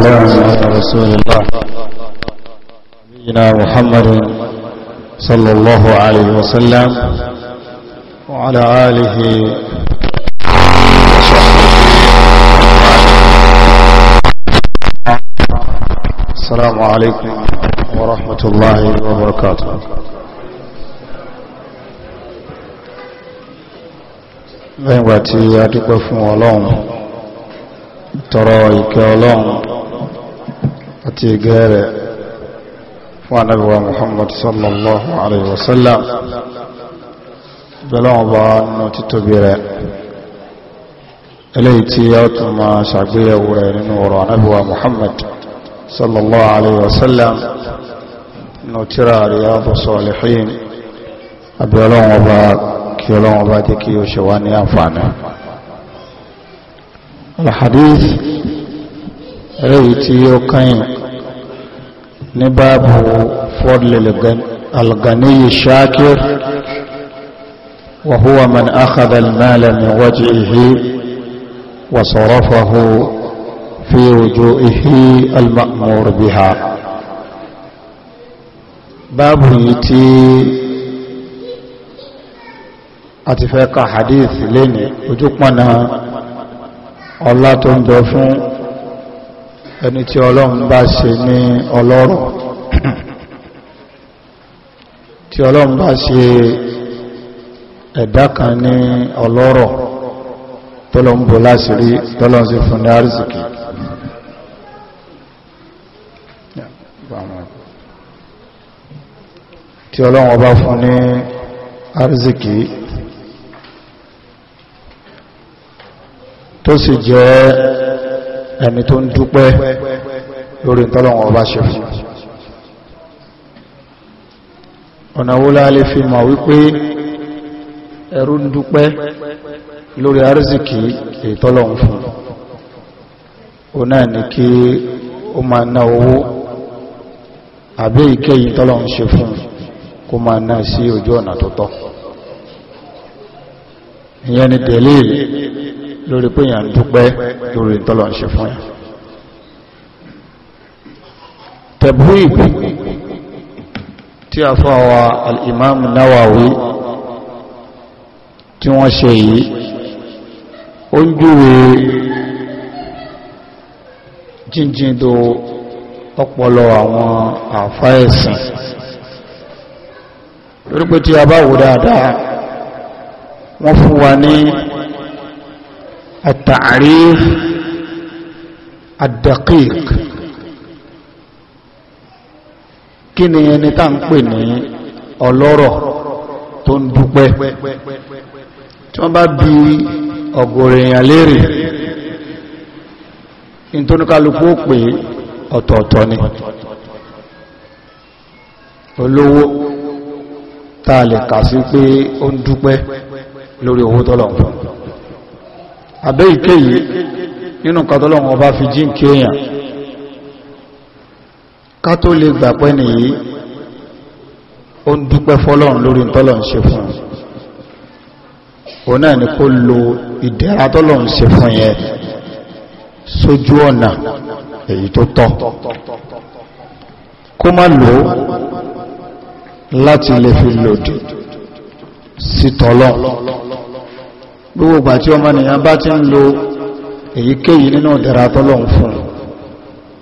والسلام على رسول الله نبينا محمد صلى الله عليه وسلم وعلى آله السلام عليكم ورحمة الله وبركاته lẹ́yìn gbà tí a dúpẹ́ tọrọ ìkẹ́ ọlọ́run àti ìgẹ́ rẹ̀ fún anábíwá muhammad sallallahu alaihi wasallam bẹ̀lọ́wọ́ bá nínú títóbi rẹ̀ eléyìí tí yóò tún máa ṣàgbéyẹ̀wò rẹ̀ nínú ọ̀rọ̀ anábíwá muhammad sallallahu alaihi wasallam nínú tíra riyadu salihin abẹ́lọ́wọ́ bá kí ọlọ́wọ́ bá jẹ́ kí ó ṣe wá ní àǹfààní الحديث ريتي يوكاين نباب فضل الغني الشاكر وهو من أخذ المال من وجهه وصرفه في وجوهه المأمور بها باب يتي أتفاق حديث لني وجوكمنا ọlá tó ń bẹ fún ẹni tí ọlọ́run bá ṣe ní ọlọ́rọ̀ tí ọlọ́run bá ṣe ẹ̀dá kan ní ọlọ́rọ̀ tọ́lọ láṣìírí tọ́lọ fún ní àrísìkì tí ọlọ́run ọba fún ní àrísìkì tó sì jẹ́ ẹni tó ń dúpẹ́ lórí ìtọ́lọ̀wọ̀n ọba ṣe fún ọ̀nà wo la lè fi mọ̀ wípé ẹrú ń dúpẹ́ lórí arzikì ìtọ́lọ̀wọ̀n fún o náà ní kí ó máa ná owó àbí ìkẹyìn tọ́lọ̀wọ̀n ṣe fún kó máa ná sí ojú ọ̀nà tó tọ́ ìyẹn ni tẹ̀lé lórí pé yàn dúpẹ́ lórí tọ́lọ̀ ń ṣe fún yàn tẹ̀búìb tí a fọ́ àwà al'imamu náwàwí tí wọ́n ṣe yìí ó ń júwe jíjìn tó ọpọlọ àwọn àfáẹ̀sìn lórí pé tí a bá wò dáadáa wọ́n fún wa ní التعريف الدقيق kí ni ẹni tá ń pè ní ọlọ́rọ̀ tó ń dúpẹ́ tí wọ́n bá bi ọ̀gọ̀rọ̀ èèyàn léèrè in tó ní kálukú ó pè ọ̀tọ̀ọ̀tọ̀ ni olówó tá a lè kà sí pé ó ń dúpẹ́ lórí owó tọ́lọ̀ fún àbẹ́ ìké yìí nínú nǹkan tó lọ́wọ́ ọba fi jí nkí èèyàn ká tó lè gbà pẹ́ nìyí ó ń dúpẹ́ fọ́lọ́run lórí tọ́lọ́run ṣe fún òun náà ni kó lo ìdẹ̀ra tọ́lọ́run ṣe fún yẹn sójú ọ̀nà èyí tó tọ́ kó má lò ó láti lè fi lòdì sí tọ́lọ́run gbogbo ìgbà tí ọmọnìyàn bá ti ń lo èyíkéyìí nínú ìdẹ̀ra tọ́lọ́hun fún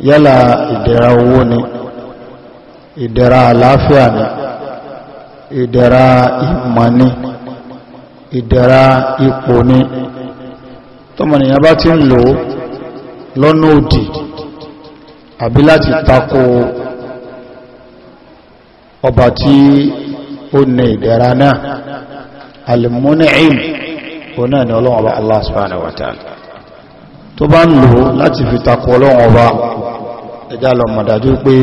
yálà ìdẹ̀ra owó ni ìdẹ̀ra àlàáfíà ni ìdẹ̀ra ìmọ̀ ni ìdẹ̀ra ipò ni tọ́mọnìyàn bá ti ń lò lọ́nà òdì àbí láti tako ọba tí ó ní ìdẹ̀ra náà alìmúnìí òun náà ni ọlọ́run ọba Allah subhanahu wa ta'ala tó bá ń lò láti fi takò ọlọ́run ọba ẹjá lọ mọ̀ dájú pé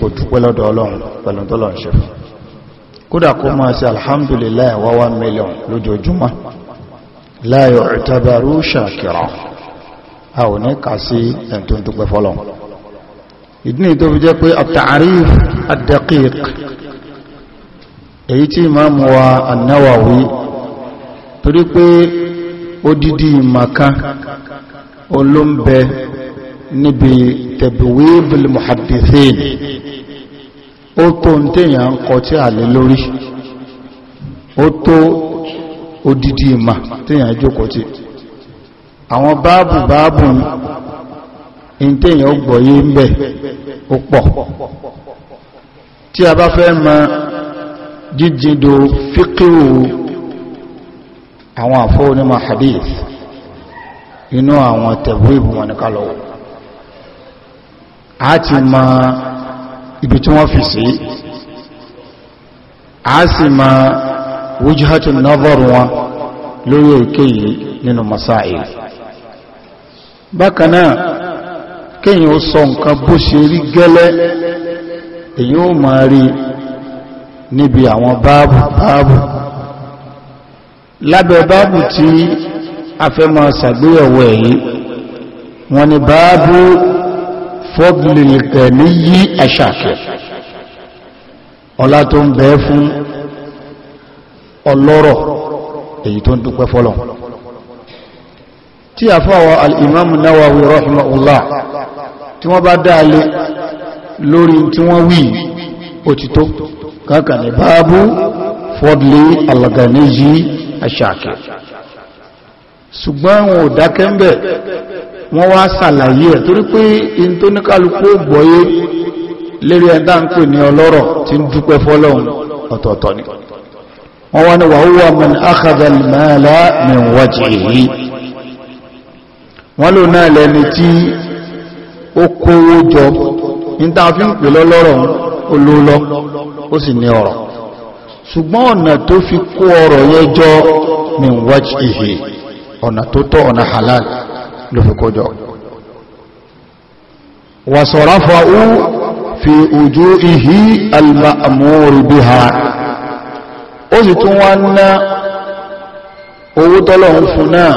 kò dúpẹ́ lọ́dọ̀ ọlọ́run pẹ̀lú tó lọ́n ṣe fún kódà kó máa ṣe alhamdulillah wá wá torí pé odidi ìmọ̀kan olóńbẹ níbi tẹ̀bíwébìlì muhaddithin ó tó ń tèyàn ń kọ tí àlè lórí ó tó odidi ìmọ̀ tèyàn jókòó tí àwọn báàbù báàbù ń tèyàn ó gbọ́yé ń bẹ̀ ó pọ̀ tí a bá fẹ́ mọ jíjìndò fíkíwò àwọn àfọ́ onímọ̀ hadith inú àwọn tẹ̀wéèbù wọn ní kálọ̀ a ti ma ibi tí wọ́n fi sí a sì ma wujhatu nazar wọn lórí òkè yìí nínú masáì bákanáà kíyàn ó sọ nǹkan bó ṣe rí gẹ́lẹ́ èyí ó máa rí níbi àwọn báàbù báàbù lábẹ́ báàbù tí a fẹ́ máa ṣàgbéyẹ̀wò èyí wọ́n ní báàbù fọ́bìlìlìkẹ̀ ní yí ẹ̀ṣàkẹ̀ ọlá tó ń bẹ fún ọlọ́rọ̀ èyí tó ń dúpẹ́ fọ́lọ̀ tí a fọ́wọ́ al'imamu Nawawi rahimahullah tí wọ́n bá dáalé lórí tí wọ́n wí òtítọ́ kákà ní fọ́bìlì alìkẹ̀ ní àṣàkì ṣùgbọ́n wọn ò dákẹ́ ń bẹ̀ wọ́n wá ṣàlàyé ẹ̀ torí pé in tó ní kálukú gbọ́yé lérí ẹ̀dá ń pè ní ọlọ́rọ̀ tí ń dúpẹ́ fọ́lọ́hun ọ̀tọ̀ọ̀tọ̀ ni wọ́n wá olólọ́ ó sì ní ọ̀rọ̀ ṣùgbọ́n ọ̀nà tó fi kó ọ̀rọ̀ yẹn jọ ní wájì ìhè ọ̀nà tó tọ́ ọ̀nà halal ló fi kó jọ wàsọ̀ráfà ó fi ojú ìhì almamori bí ha ó sì tún wá ná owó tọ́lọ̀ ń fún náà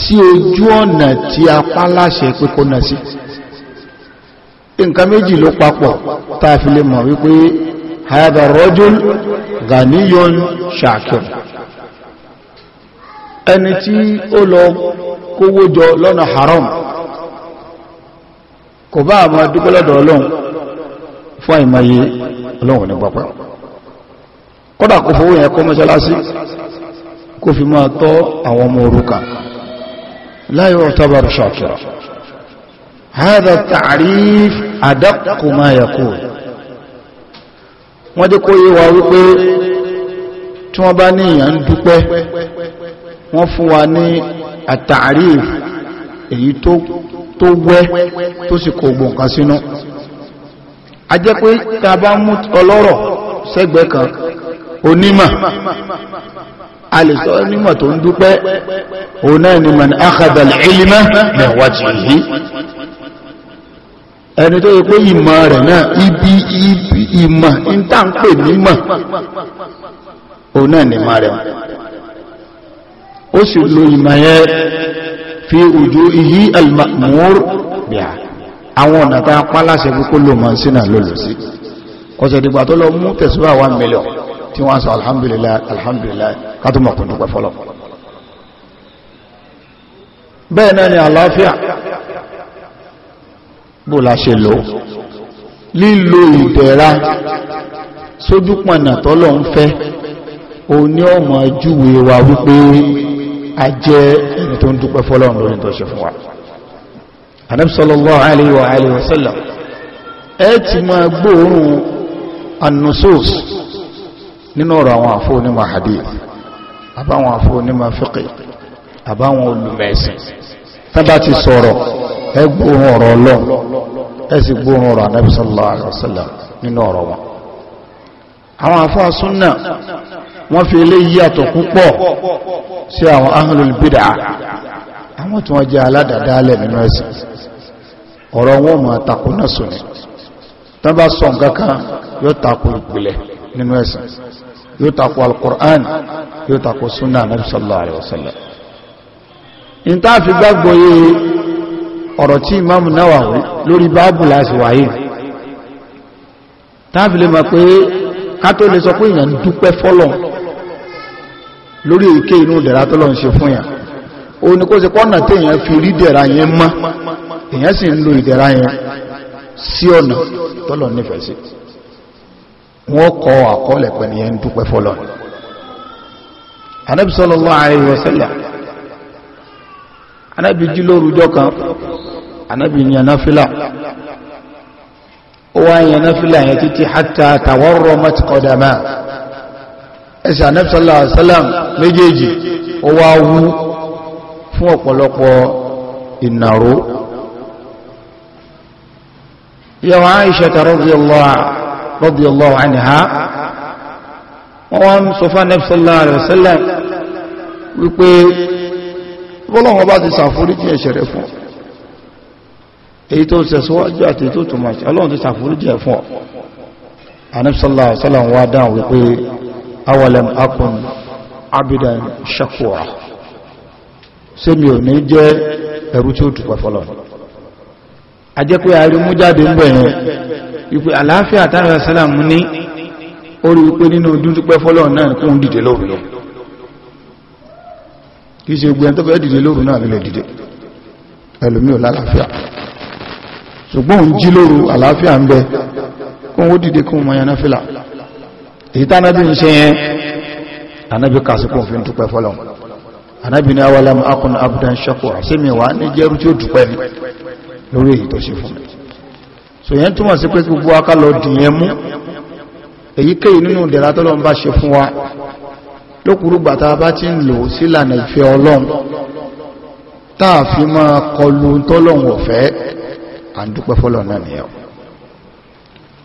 sí ojú ọ̀nà tí a pa láṣẹ pé kó náà sí nǹkan méjì ló papọ̀ tá a fi lè mọ̀ wípé هذا الرجل غني شاكر ẹni tí ó lọ kówó jọ lọ́nà haram kò bá àmà dúgbọ́lọ́dọ̀ ọlọ́run fún àìmáyé ọlọ́run ní pápá kọ́dà kò fowó yẹn kọ́ mọ́sálásí kò fi máa tọ́ àwọn ọmọ òrukà láyọ̀ ọ̀tọ́bà ṣàkìrà هذا التعريف أدق ما يكون wọ́n jẹ́ kó yé wa wípé tí wọ́n bá ní èèyàn ń dúpẹ́ wọ́n fún wa ní àtàrí èyí tó wẹ́ tó sì kò gbò nǹkan sínú a jẹ́ pé ta bá mú ọlọ́rọ̀ sẹ́gbẹ́ kan onímọ̀ a lè sọ onímọ̀ tó ń dúpẹ́ òun ni man akhadha al-ilma ẹni tó yẹ pé ìmọ̀ rẹ̀ náà ibi ìmọ̀ ń tà ń pè nímọ̀ òun náà ní ìmọ̀ rẹ̀ ó sì lo ìmọ̀ yẹn fi ojú iyí al-ma'mur bíà àwọn ọ̀nà tá a pa láṣẹ fún kó lò mọ̀ sínú lòlò sí ọ̀sẹ̀ ìdìgbà tó lọ mú tẹ̀síwá one million tí wọ́n sọ alhamdulillah alhamdulillah kátó mọ̀ kò dúpẹ́ fọlọ́ bẹ́ẹ̀ náà ni àlàáfíà bó la ṣe lò lílo ìdẹ̀ra sójúpọ̀nà tọ́lọ̀ ń fẹ́ o ní ọmọ júwe wa wípé a jẹ́ ẹni tó ń dúpẹ́ fọ́lọ́run lórí tó ṣe fún wa Ànábì sallallahu alaihi wa alihi wa àbáwọn àfó onímọ̀ fiqh àbáwọn olùmẹ̀ẹ̀sìn tábà ti sọ̀rọ̀ ẹ gbóhùn ọ̀rọ̀ ọlọ́run ẹ sì gbóhùn ọ̀rọ̀ anábì sallallahu alaihi wasallam nínú ọ̀rọ̀ wọn àwọn àfáà súnnà wọ́n fi ilé yíyàtọ̀ púpọ̀ sí àwọn ahlul bid'ah àwọn tí wọ́n jẹ́ aládàdálẹ̀ nínú ẹ̀sìn ọ̀rọ̀ wọn mọ̀ àtakò náà sùn tán bá sọ nǹkankan yóò takò ìpìlẹ̀ nínú ẹ̀sìn yóò takò al yóò takò súnnà anábì sallallahu alaihi gbàgbọ́ yìí ọ̀rọ̀ tí imam Nawawi lórí báàbù láti wáyé tábìlì mọ̀ pé kátó lè sọ pé èèyàn ń dúpẹ́ fọ́lọ̀ lórí èké inú ìdẹ̀ra tó lọ́n ṣe fún yàn ó ní kó pọ́nà tí fi rí dẹ̀ra yẹn mọ́ èèyàn sì ń lo ìdẹ̀ra yẹn sí ọ̀nà tó nífẹ̀ẹ́ sí wọ́n kọ àkọọ́lẹ̀ pẹ̀lú yẹn ń dúpẹ́ fọ́lọ̀ anábì ní anáfílà ó wá yẹn anáfílà yẹn títí hátà tàwọ́rọ̀ mọ́tíkọ̀dàmá ẹsẹ̀ anáfíṣàlá sálàm méjèèjì ó wá wú fún ọ̀pọ̀lọpọ̀ ìnàró ìyàwó Aisha radiyallahu anha wọ́n wá ń sọ fún anáfíṣàlá sálàm wípé bọ́lọ́wọ́ bá ti sàfúrí tí ẹ̀ṣẹ̀rẹ̀ fún èyí tó tẹ̀síwájú àti èyí tó tó máa ṣe ọlọ́run ti ṣàforíjì ẹ̀ fún ọ anibisala salam wa dáhùn wípé awalem akun abidan shakura ṣé mi ò ní jẹ́ ẹ̀rú tí ó dùpẹ́ fọlọ́ a jẹ́ pé arimu jáde ń bẹ̀yẹn wípé àlàáfíà tánàlá salam ní orí wípé nínú dúdúpẹ́ fọlọ́ náà kún dìde lóru ò lálàáfíà ṣùgbọ́n òun jí lóru àlàáfíà ń bẹ kó wó dìde kún mọ̀ yaná fìlà èyí tánábì ń ṣe yẹn anábì kàṣíkò fi ń dúpẹ́ fọ́lọ̀ anábì ní awàlá akùn abdan shakura sí ní jẹ́rú tí ó dúpẹ́ lórí èyí fún so yẹn túmọ̀ sí pé gbogbo aká lọ dìyẹn mú èyíkéyìí nínú ìdẹ̀ra tọ́lọ́ ń bá ṣe fún wa lókùrúgbà tá à ń dúpẹ́ fọ́lọ̀ náà nìyẹn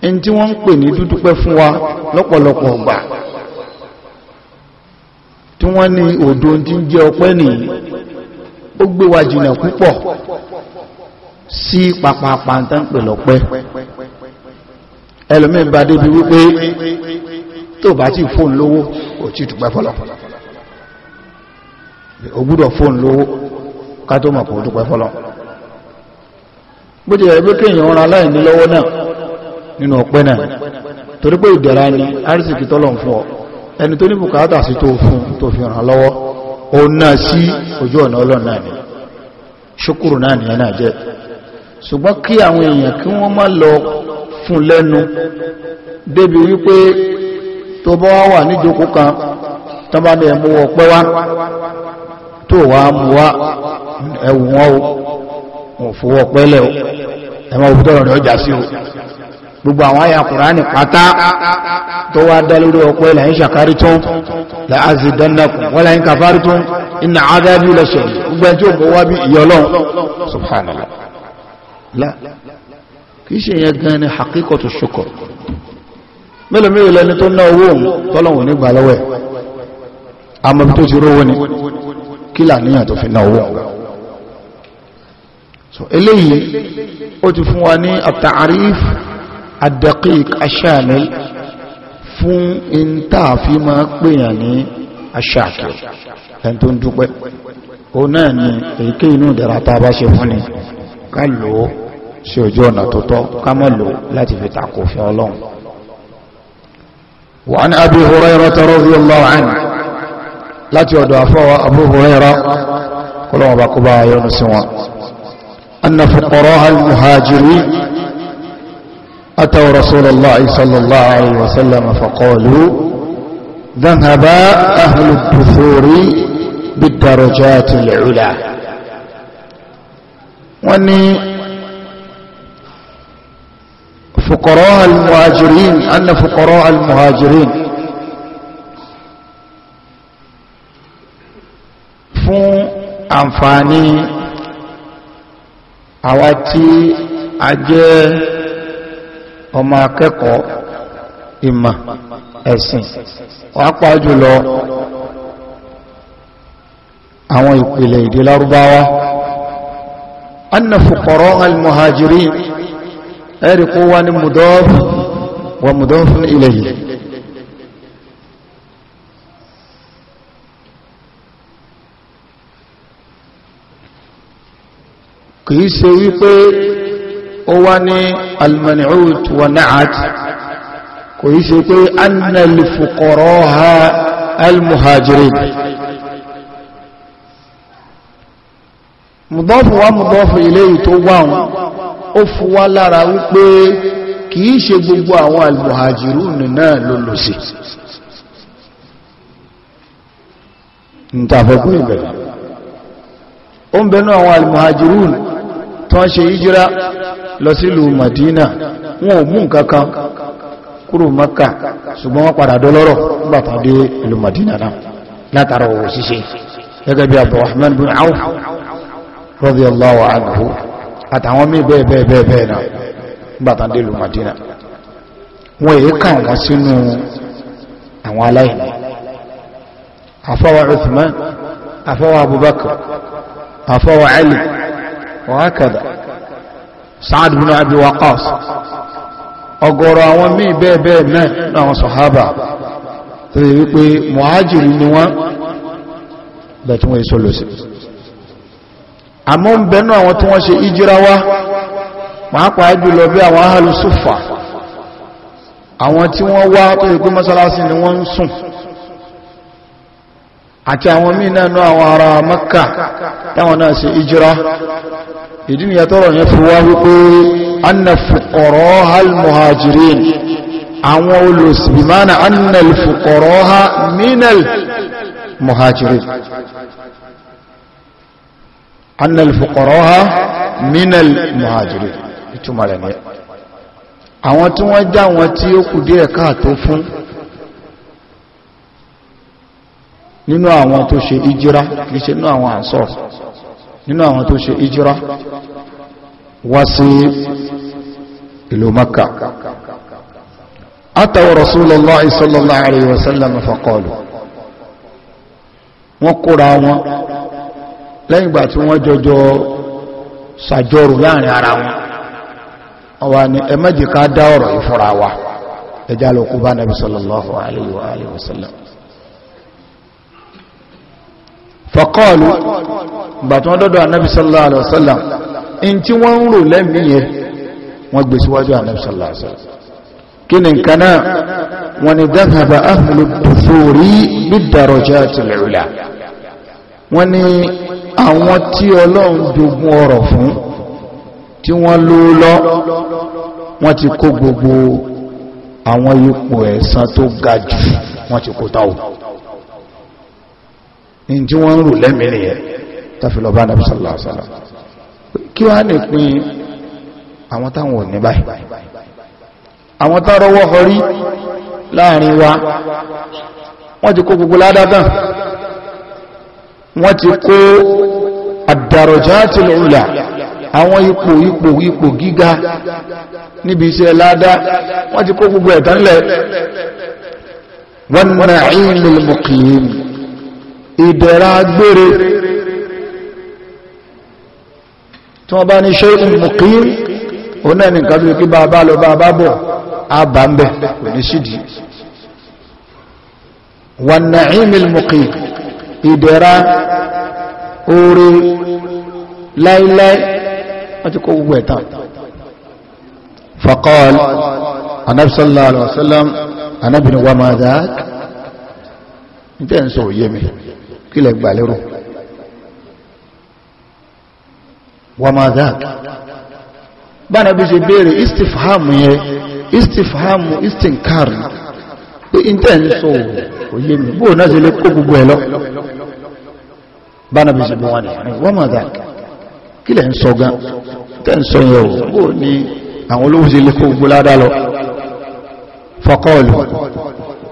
ẹni tí wọ́n ń pè ní dúdúpẹ́ fún wa lọ́pọ̀lọpọ̀ ọgbà tí wọ́n ní òdo tí ń jẹ́ ọpẹ́ nìyí ó gbé wa jìnà púpọ̀ sí pàpàpà tán pè lọ́pẹ́ ẹlòmíín bá débi wípé tó bá ti fóun lówó ò tí dúpẹ́ fọ́lọ̀ ó gbúdọ̀ fóun lówó ká tó mọ̀ kó dúpẹ́ fọ́lọ̀ bó ti yẹ pé kéèyàn ran aláìní lọ́wọ́ náà nínú náà torí pé ìdẹ̀ra ni arísìkì tọ́lọ̀ ń fọ́ ẹni tó ní bùkátà sí tó fún tó fi ràn lọ́wọ́ o náà sí ojú ọ̀nà ọlọ́run náà ni ṣukuru náà ni kí àwọn èèyàn kí wọn fowó pẹ́lẹ̀ o ẹmọ òbútọ́ rẹ̀ ọjà sí o gbogbo àwọn àyà kùránì pátá tó wá dá lórí ọpẹ́ ilẹ̀ ń ṣàkárí tún láàzì dandakùn wọ́n láyín kàfárí tún iná adábí lẹ́ṣẹ̀ gbogbo ẹni tí ó bọ̀ wá bí ìyọlọ́ subhanallah la kìí kí làníyàn tó fi ná owó so eléyìí ó ti fún wa ní at-ta'rif ad-daqiq ash-shamil fún ìntàfí ma pèèyàn ní aṣáàkì ẹni tó ń dúpẹ́ ó náà ni èké inú ìdára tá a bá ṣe fún ni ká lò ó sí ojú ọ̀nà tó tọ́ ká má lò fi takò fi ọlọ́run wa an Abi Hurayrah radiyallahu anhu láti ọ̀dọ̀ àfọwọ́ Abu Hurayrah kọlọ́wọ́ bá kó bá yọ́nu sí wọn أن فقراء المهاجرين أتوا رسول الله صلى الله عليه وسلم فقالوا ذهب أهل الدثور بالدرجات العلا واني فقراء المهاجرين أن فقراء المهاجرين فون أنفاني àwa tí a jẹ́ ọmọ akẹ́kọ̀ọ́ ìmọ̀ ẹ̀sìn pàápàá jùlọ àwọn ìpìlẹ̀ èdè lárúbáwá anna fukọrọ al-muhajirin ẹ̀rì kó wá ní mudọ́ọ̀fù wa mudọ́ọ̀fù ilayhi kìí ṣe wípé ó wá ní almani'ut wa na'at kìí ṣe pé annal fuqaraha almuhajirin mùdọ́fù wá mùdọ́fù ilé tó wáhùn ó fúwá lára wípé kìí ṣe gbogbo àwọn almuhajirun náà ló ń tàfẹ́kún ìbẹ̀rẹ̀ ó ń bẹ̀nú àwọn almuhajirun tó ń ṣe ìjírá lọ sílùú Madina wọn ò mú nǹkan kan kúrò Maka ṣùgbọ́n wọ́n padà dọ́lọ́rọ̀ nígbàtà dé ìlú Madina náà látara òwò ṣíṣe gẹ́gẹ́ bí Abdurrahman bin Auf radiyallahu anhu àtàwọn mí bẹ́ẹ̀ bẹ́ẹ̀ bẹ́ẹ̀ bẹ́ẹ̀ náà nígbàtà dé ìlú Madina wọ́n èyí kà wọ́n sínú àwọn aláìní Abubakar afọ́wà Ali وهكذا سعد بن عبد وقاص ọ̀gọ̀rọ̀ àwọn ọgọrọ awọn bẹ́ẹ̀ náà láwọn sọ̀hábà tó yẹ wípé mọ̀hájìrì ni wọ́n bẹ̀ tí wọ́n èso lò sí àmọ́ ń bẹ̀ náà àwọn tí wọ́n ṣe ìjíráwá pàápàá tí àti àwọn míì náà nú àwọn ará Mẹ́kà táwọn náà ṣe ìjírá ìdí nìyà tọ́rọ̀ yẹn fi wá wípé anna fuqara hal muhajirin àwọn olùsìbìmánà anna ha minal muhajirin anna ha minal muhajirin ìtumọ̀ rẹ̀ ni àwọn tí wọ́n já wọn tí ó kù díẹ̀ káà tó fún nínú àwọn tó ṣe ìjírá kìí ṣe nínú àwọn àṣọ́ nínú àwọn tó ṣe ìjírá wá sí ìlú Makka ataw Rasulullahi sallallahu alayhi wa sallam faqalu wọ́n kóra wọn lẹ́yìn ìgbà tí wọ́n jọjọ sàjọrù láàrin ara wọn ọwà ni ẹ ká dá ọ̀rọ̀ ìfúnra wa ẹjá lókú bá nàbí sallallahu alayhi fọ́kọ́ọ̀lù gbàtí wọ́n dọ́dọ̀ anábi sallallahu alaihi wasallam in tí wọ́n ń rò lẹ́mìíyẹ wọ́n gbé síwájú anábi sallallahu alaihi wasallam kí ni nǹkan náà wọ́n ni dáhàbà ahlu dufuri bid-darajatil ula wọ́n ni àwọn tí ọlọ́run jogún ọrọ̀ fún tí wọ́n ló lọ wọ́n ti kó gbogbo àwọn ipò ẹ̀san tó ga jù wọ́n ti kó táwọn in tí wọ́n ń rò lẹ́mìnì ẹ̀ tàfilọ́bá nàbísàlásàlá kí wá ní pín àwọn táwọn òní báyìí àwọn tárọwọ́ ọrí láàrin wa wọ́n ti kó gbogbo ládátàn wọ́n ti kó àdàrọ̀jáàtìlẹ̀ ìlà àwọn ipò ipò ipò gíga níbi iṣẹ́ ládá wọ́n ti kó gbogbo ẹ̀tánlẹ̀ wọ́n náà ìlú mọ̀kìyìn ìdẹ̀ra gbére tí wọ́n bá ní ṣe ìmùkí òun náà nìkan tó kí bàbá lọ bàbá bọ̀ àbà ń bẹ̀ kò ní sídi wà nàímì ìmùkí ìdẹ̀ra oore láíláí wọ́n ti kó gbogbo ẹ̀ta faqal anabi sallallahu wasallam anabi wa ma dhaak ní tẹ́ ń sọ òye mi kílẹ̀ gbà lérò wà máa dáàk bára bí ṣe béèrè istifhamu yẹ istifhamu istinkar pé intẹ́ ń sọ òye mi bóò náà ṣe lè kó gbogbo ẹ̀ lọ bára bí ṣe bí wọ́n ni wà máa dáàk kílẹ̀ ń sọ gan tẹ́ yẹ ò bóò ní àwọn olówó ṣe lè kó gbogbo ládàá lọ faqalu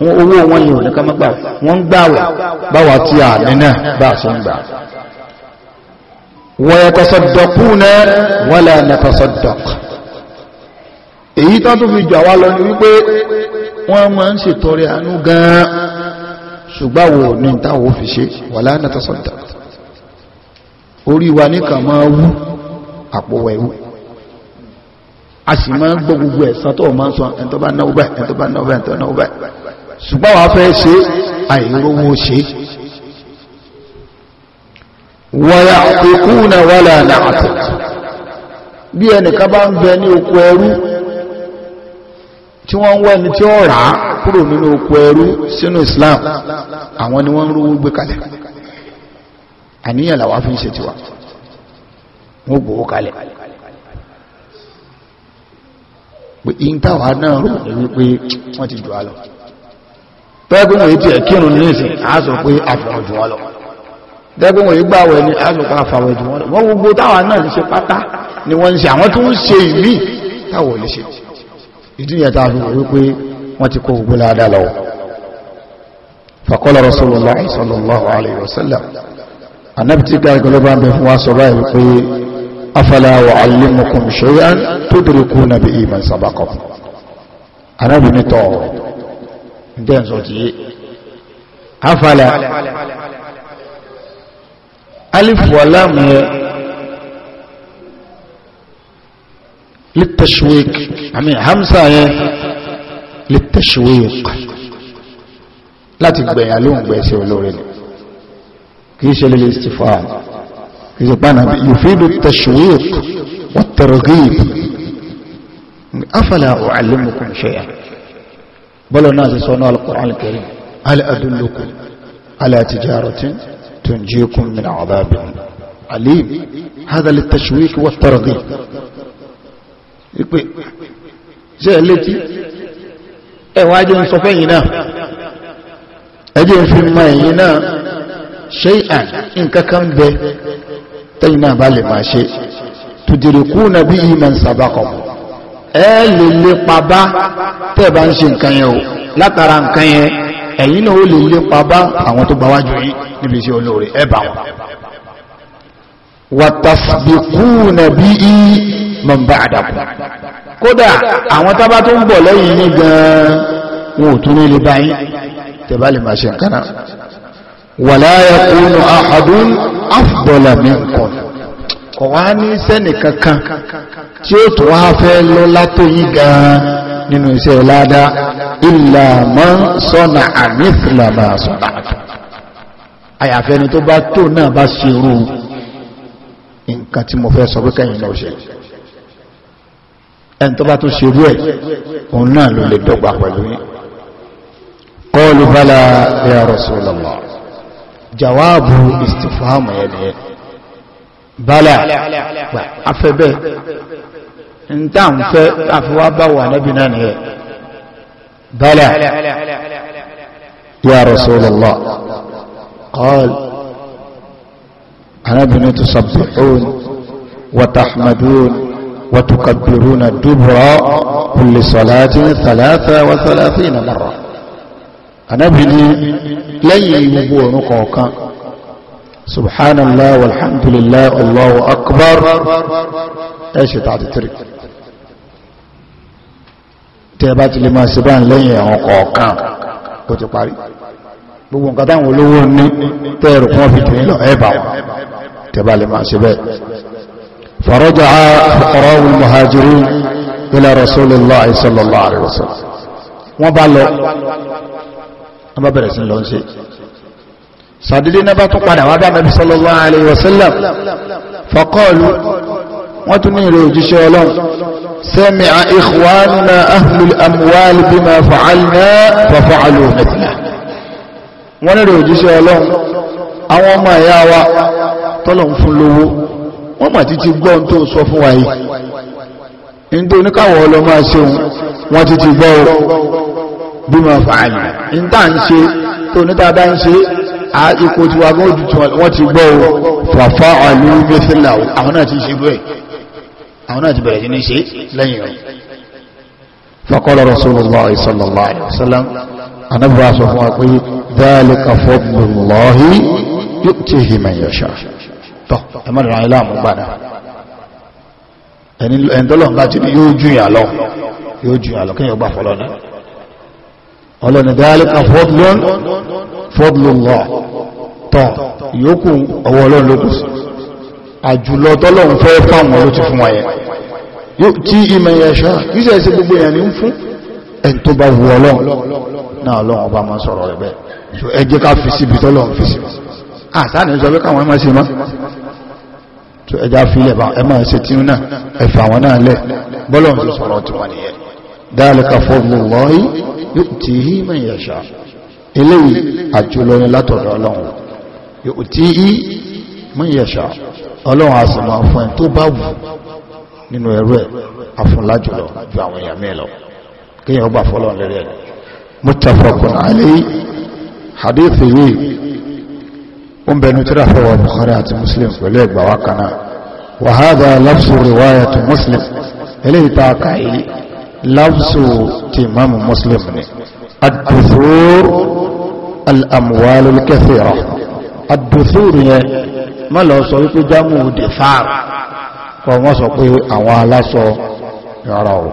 owó wọn yìí òní kama gbà wọ́n gbàwẹ̀ báwà tí a nínà bá ṣe ń gbà wọ́n yẹ tọ́sọ̀dọ̀kú nẹ́ wọ́n lẹ́ nẹ́ tọ́sọ̀dọ̀k èyí tó tún fi jọ wá lọ ní wípé wọ́n máa ń ṣètọrẹ àánú gan-an ṣùgbọ́n wo ní táwọn fi ṣe wọ́n lẹ́ nẹ́ tọ́sọ̀dọ̀k orí wa ní kàn máa wú àpòwẹ̀ wú a sì máa ń gbọ́ gbogbo ẹ̀sán tó máa ń sọ ẹ̀ntọ́ bá náwó báyìí ẹ̀ntọ́ bá náwó báyìí ẹ̀ntọ́ náwó báyìí ṣùgbọ́n wàá fẹ́ ṣe àìrówó ṣe wọ́yà òkú na wọ́lá àlàáfẹ́ bí ẹnìkan bá ń bẹ ní oko ẹrú tí wọ́n ń wẹ́ni tí ó rà á kúrò nínú oko ẹrú sínú Islam àwọn ni wọ́n ń gbé kalẹ̀ àníyàn fi ń ṣe tiwa wọ́n gbowó kalẹ̀ pé ìntàwà náà rò ní wípé wọ́n ti jù á lọ tẹ́gbọ́n wọ́n yìí tí ẹ̀ kírun ní ìsìn àásù pé àfihàn jù wọ́n lọ tẹ́gbọ́n wọ́n yìí gbàwẹ̀ ní àásù pé àfàwẹ̀ jù wọ́n lọ wọ́n gbogbo táwa náà ń ṣe pátá ni wọ́n ń ṣe àwọn tó ń ṣe ìlú táwọ̀ lè ṣe ìdíyẹ̀ tá a fi wọ́n pé wọ́n ti kó gbogbo ládàá lọ. faqala rasulullah دين زوجي أفلا ألف ولام للتشويق عمي همسة للتشويق لا تقبل يلون بيسي ولورين كيش للاستفاء يفيد التشويق والترغيب أفلا أعلمكم شيئا bọ́lọ̀ náà sì sọ́nà al-Qur'an al-Karim hal adullukum ala tijaratin tunjikum min adhabin alim hadha lit-tashwik wat-targhib ìpè ṣe ẹ̀ létí ẹ̀wọ́n ajé ń sọ fẹ́yìn náà ẹjẹ́ ń fi mọ ẹ̀yìn náà ṣe à nǹkankan bẹ tẹ́yìn náà bá lè máa ṣe tùdìrìkú nàbí ìmọ̀ nsàbákọ̀ọ́ ẹ lè lépa bá tẹ́ẹ̀bá ń ṣe nǹkan yẹn o látara nǹkan yẹn ẹ̀yin náà ó lè lépa bá àwọn tó gbà wájú yìí níbi iṣẹ́ olóore ẹ̀bà wọn wàtàfìkúnà bí i mọ̀mbà àdàbò kódà àwọn tábà tó ń bọ̀ lẹ́yìn yìí gan wọn ò tún lè báyìí tẹ́ẹ̀bá lè máa ṣe nǹkan náà wàlá yakunu kọ̀wá ní sẹ́nì kankan tí ó tó wá fẹ́ lọ látó yí gan nínú iṣẹ́ ládá illa man sọ́nà àmìfìlàmà sọ́nà àyàfẹ́ni tó bá tó náà bá ṣerú nǹkan tí mo fẹ́ sọ pé kẹ́yìn lọ ṣe ẹn tó bá tó ṣerú ẹ̀ òun náà ló lè dọ́gba pẹ̀lú yín qalu bala ya Rasulullah jawabu istifhamu yẹn bala afẹ́bẹ́ انتم فافوا بوا نبينا نه بلى يا رسول الله قال انا بني تسبحون وتحمدون وتكبرون الدبر كل صلاة ثلاثة وثلاثين مرة أنا بني لي يبون قوكا سبحان الله والحمد لله الله أكبر إيش تعطي تريك tẹ́ bá ti lè máa ṣe bá ń lẹ́yìn ẹ̀wọ̀n kọ̀ọ̀kan kò ti parí gbogbo nǹkan táwọn olówó ní tẹ́ẹ̀rù kún fi tìyìn lọ ẹ̀bà tẹ́ bá lè máa ṣe bẹ́ẹ̀ faraja fuqara'ul muhajirin ila rasulillah sallallahu alaihi wasallam wọ́n bá lọ wọ́n bá bẹ̀rẹ̀ sí lọ ṣe sàdédé náà bá tún padà wá bá nabi sallallahu alaihi wasallam faqalu wọ́n tún ní ìrẹ̀ òjíṣẹ́ ọlọ́run sami'a ikhwanuna ahlul amwal bima fa'alna fa fa'alu mithla wọ́n ní ìrẹ̀ òjíṣẹ́ ọlọ́run àwọn ọmọ ẹ̀yà wa tọ́lọ̀ ń fún lówó wọ́n mà ti ti gbọ́ ohun tó sọ fún wa yìí oníkàwọ̀ ọlọ́mọ àṣẹun wọ́n ti ti gbọ́ bima fa'alna ní tá ń ṣe tó oníta ń ṣe ipò tí wọ́n ti gbọ́ fàfà àlú àwọn náà ti ṣe bẹ́ẹ̀ àwọn náà ti bẹ̀rẹ̀ sí ní ṣe lẹ́yìn rẹ̀ faqala rasulullah sallallahu alaihi wasallam anábìbá sọ fún wa pé dhalika fadlullahi yu'tihi man yasha tọ́ ẹ má dìrà ilá àmúgbàdà ẹni tọ́lọ̀ bá ti ní yóò jùyàn lọ yóò jùyàn lọ kíyàn gbà fọ́lọ́ náà ọlọ́ni ọwọ́ ọlọ́run lókùsùn àjùlọ tọ́lọ́run fẹ́ fáwọn ló ti fún wa yẹ tí ìmọ̀ yẹn ṣọ́ yíṣẹ́ ṣe gbogbo èèyàn ní ń fún ẹni tó bá wù ọlọ́run náà ọlọ́run ọba máa sọ̀rọ̀ rẹ̀ bẹ́ẹ̀ so ẹ jẹ́ ká fi síbi tọ́lọ́run fi síbi àsáàní sọ pé káwọn ẹ máa ṣe mọ́ so ẹ já fi ilẹ̀ ẹ man yasha ọlọ́run a sì máa fún ẹ tó bá wù nínú ẹrú ẹ afúnlájùlọ ju àwọn èèyàn mẹ́ lọ kéèyàn bá fọ́lọ́run lẹ́rẹ́ ẹ̀ muttafaqun alayhi hadith yìí ó ń bẹnu tíra fọwọ́ Bukhari àti Muslim pẹ̀lú ẹgbà wa kan náà wa hadha lafzu Muslim eléyìí tá a kà yìí lafzu ti imamu Muslim ni ad al-amwal al-kathira àdùfúrù yẹn má lọ sọ wípé jámù òdè fáàrù kọ wọ́n sọ pé àwọn aláṣọ yàrá o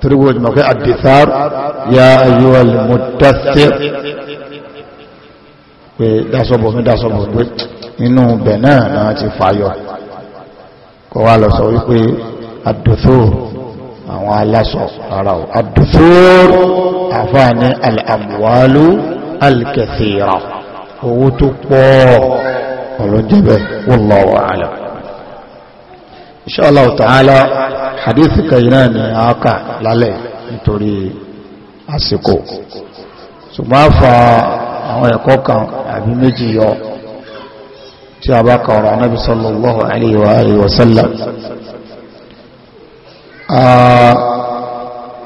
torí wọ́n jùmọ̀ pé àdìsáàrù ya ayyuhal muddaththir pé dásọ́bọ̀ mi dásọ́bọ̀ pé inú bẹ̀ náà náà ti fàyọ kọ wá lọ sọ wípé àdùfúrù àwọn aláṣọ ara o àdùfúrù àfáà ní al-amwalu owó tó pọ̀ ọ̀rọ̀ jẹ́bẹ̀ wallahu a'lam inshallah ta'ala hadith kayina ni aka lálẹ̀ nítorí àsìkò ṣùgbọ́n a fa àwọn ẹ̀kọ́ kan àbí méjì yọ tí a bá kọ̀ọ̀rọ̀ anábi sallallahu alaihi wa alihi wa sallam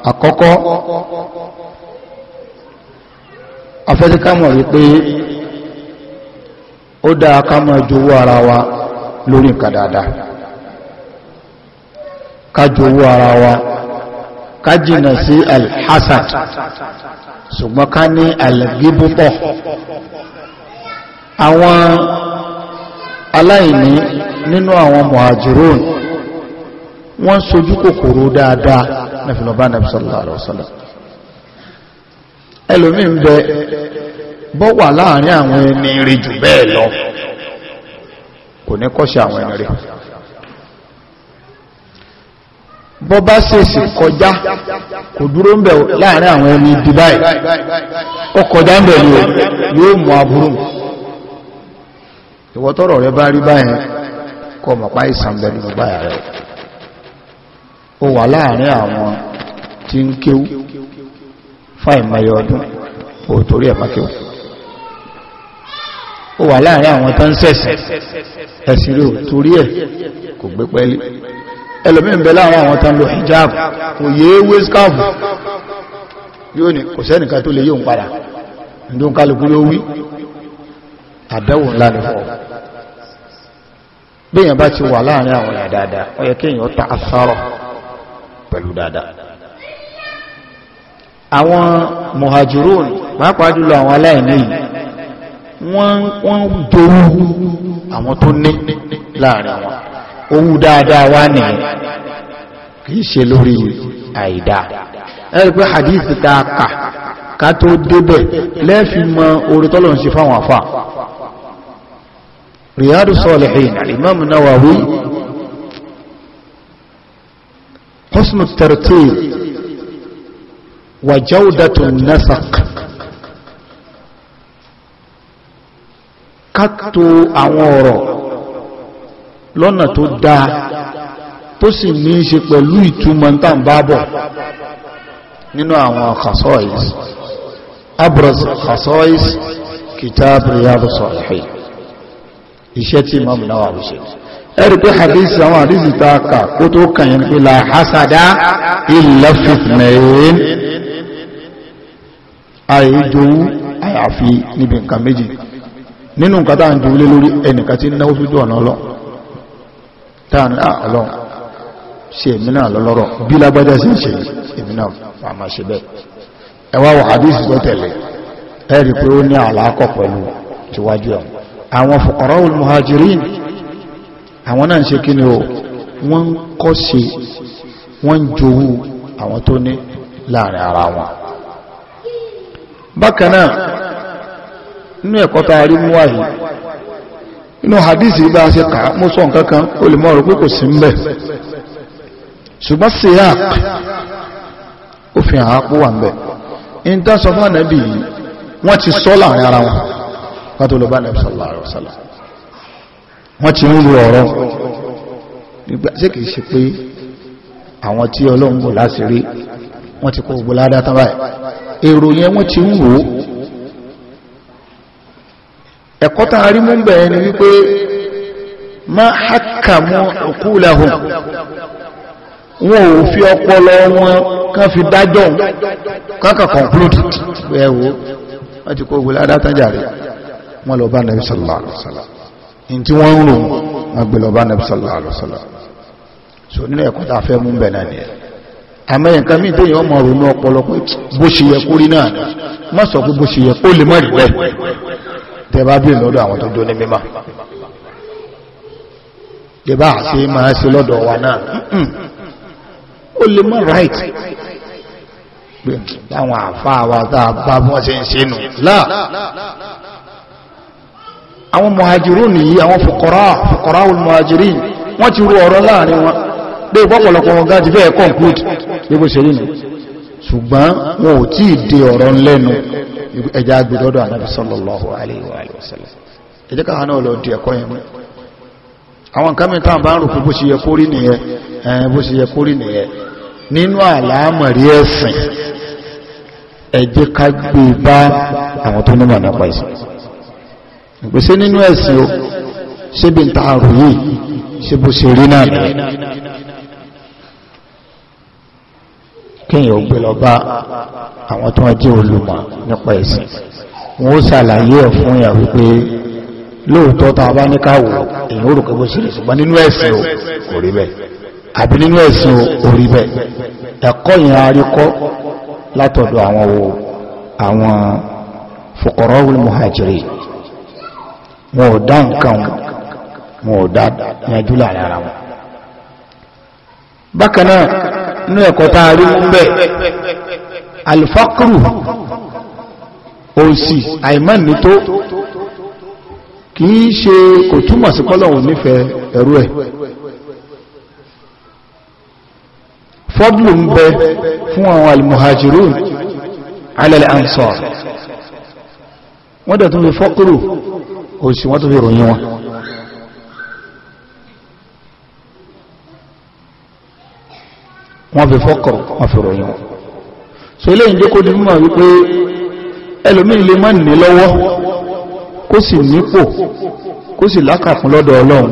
àkọ́kọ́ wípé ó dáa ká máa jowó ara wa lórí nǹkan dáadáa ká jowó ara wa ká jìnà sí alhassad ṣùgbọ́n ká ní alẹ́gbẹ́bùpọ̀ àwọn aláìní nínú àwọn muhajirun wọ́n sojú kòkòrò dáadáa nàfilọ́bá nàbisọ́lá àrọ̀sọ́lá ẹlòmí ń bẹ bọ́ wà láàrin àwọn ẹni rí jù bẹ́ẹ̀ lọ kò ní kọ́ṣẹ́ àwọn ẹni rí bọ́ bá ṣèṣì kọjá kò dúró ń bẹ̀ láàrin àwọn ẹni Dubai ó kọjá ń bẹ̀ ní o yóò mú aburú ìwọ tọrọ rẹ bá rí báyìí kọ mọ̀ pa ìsàn bẹ̀ nínú báyà rẹ ó wà láàrin àwọn tí ń kéwú fáìmọye ọdún òtòrí ẹ̀mákéwú ó wà láàrin àwọn tó ń sẹ̀sìn ẹ̀sìn rí ò torí ẹ̀ kò gbé pẹ́lú ẹlòmí ń bẹ láwọn àwọn tó ń lo hijab kò yé wéṣkáàbù yóò ní kò sẹ́nìkan tó lè yóò ń padà ndún kálukú ló wí àbẹ̀wò ńlá ní fọ́ bíyàn bá ti wà láàrin àwọn ìyà ó yẹ kéèyàn ta asárọ̀ pẹ̀lú dáadáa àwọn muhajirun pàápàá jùlọ àwọn aláìní yìí wọ́n ń dorú àwọn tó ní láàrin wọn owó dáadáa wá ní kìí ṣe lórí àìdá ẹ̀rì pé hadith ta kà ká tó débẹ̀ lẹ́fì mọ orí tọ́lọ̀ ń ṣe fáwọn àfà Riyadu Salihin al wa jawdatu nasaq kátó àwọn ọ̀rọ̀ lọ́nà tó dáa tó sì ní í ṣe pẹ̀lú ìtumọ̀ tá ń bábọ̀ nínú àwọn khasois abraz khasois kitab riyadus salihin iṣẹ́ tí imam Nawawi ṣe ẹ̀rì pé hadith àwọn hadith ta kà kó tó kàyìn ila hasada illa fitnayn àìjòwú àyàfi níbi nǹkan méjì nínú nǹkan tá à ń jùlé lórí ẹnìkan tí náwó sójú ọ̀nà ọlọ́ táàní àlọ́ ah, ṣe èmi náà lọ́lọ́rọ̀ bí lágbájá sí ṣe èmi náà fàmà ṣe bẹ́ẹ̀ ẹwà wà hadisi tó tẹ̀lé ẹ̀rí pé ó ní àlàákọ̀ pẹ̀lú tíwájú ẹ̀wọ̀n àwọn wọ́n kọ́ ṣe wọ́n ń jowú àwọn tó ní láàrin ara wọn bákan nínú ẹ̀kọ́ tá a rí mú wáyé inú hadisi bá a ṣe kà á mú sọ nǹkan kan ó lè mọ̀ ọ̀rọ̀ pé kò sí ń bẹ̀ ṣùgbọ́n siyak ó fi hàn ápò wà ń bẹ̀ in tán sọ fún ànábì yìí wọ́n ti sọ láàrin ara wọn láti rí wọ́n ti èrò yẹn wọ́n ti ń wò ẹ̀kọ́ tá a rí mú bẹ̀ẹ́ ni wípé má hákàmú òkúlẹ̀hùn wọn ò fi ọpọlọ wọn kán fi dájọ́ kánkà conclude ẹ̀wọ́ wọ́n ti kó gbogbo adátájà rẹ̀ wọ́n lọ bá nàbí sallallahu alaihi wasallam in tí wọ́n ń rò wọ́n gbé lọ bá nàbí sallallahu alaihi wasallam so nínú ẹ̀kọ́ tá a fẹ́ tẹ́bá bí lọ́dọ̀ àwọn tó jó ní mímọ̀ tẹ́bá sí máa sí lọ́dọ̀ wa náà ó lè mọ́ right pé láwọn àfáà wa tàà bá wọ́n sí ń sínú láà àwọn muhajirun nìyí àwọn fòkọ́rá fòkọ́rá olùmọ̀hajiri wọ́n ti rú ọ̀rọ̀ láàrin wọn bí ìpọ́pọ̀lọpọ̀ wọn gáàtì bẹ́ẹ̀ conclude bí bó ṣùgbọ́n wọn ò tí ì dé ọ̀rọ̀ lẹ́nu ẹja agbèdọ́dọ̀ ànábì sallallahu alayhi wa sallam ẹ jẹ́ káwọn náà lọ di ẹ̀kọ́ yẹn mú àwọn nǹkan mìíràn táwọn bá ń rò pé bó ṣe yẹ kó rí nìyẹn ẹ̀ẹ́n bó ṣe yẹ kó rí bó ṣe rí náà kíyàn ó gbé lọ bá àwọn tó wọ́n jẹ́ olùmọ̀ nípa ẹ̀sìn wọ́n ó sàlàyé ẹ̀ fún yà wípé lóòótọ́ táwọn bá ní káwò èyàn ó rò pé bó ṣe lè ṣùgbọ́n nínú ẹ̀sìn o kò rí bẹ́ẹ̀ àbí nínú ẹ̀sìn o kò bẹ́ẹ̀ ẹ̀kọ́ yẹn aríkọ́ látọ̀dọ̀ àwọn wo àwọn fuqara'ul muhajirin wọn ò dá nǹkan wọn ò dá yanjú láàrin ara wọn bákan náà inú ẹ̀kọ́ tá a rí mú bẹ̀ alifakuru òsì àìmánìtó kì í ṣe kò túmọ̀ sí pọ́lọ̀wọ̀n nífẹ̀ẹ́ ẹ̀rú ẹ̀ fọ́dùlù ń bẹ fún àwọn almuhajirun alẹ́lẹ́ ansar wọ́n dẹ̀ tún fi fọ́kúrù òsì wọ́n tún fi ròyìn wọn wọ́n fi fọ́kọ̀ so eléyìí jẹ́ kó di wípé ẹlòmíì lè má ní lọ́wọ́ kó sì nípò kó sì lákàkún lọ́dọ̀ ọlọ́run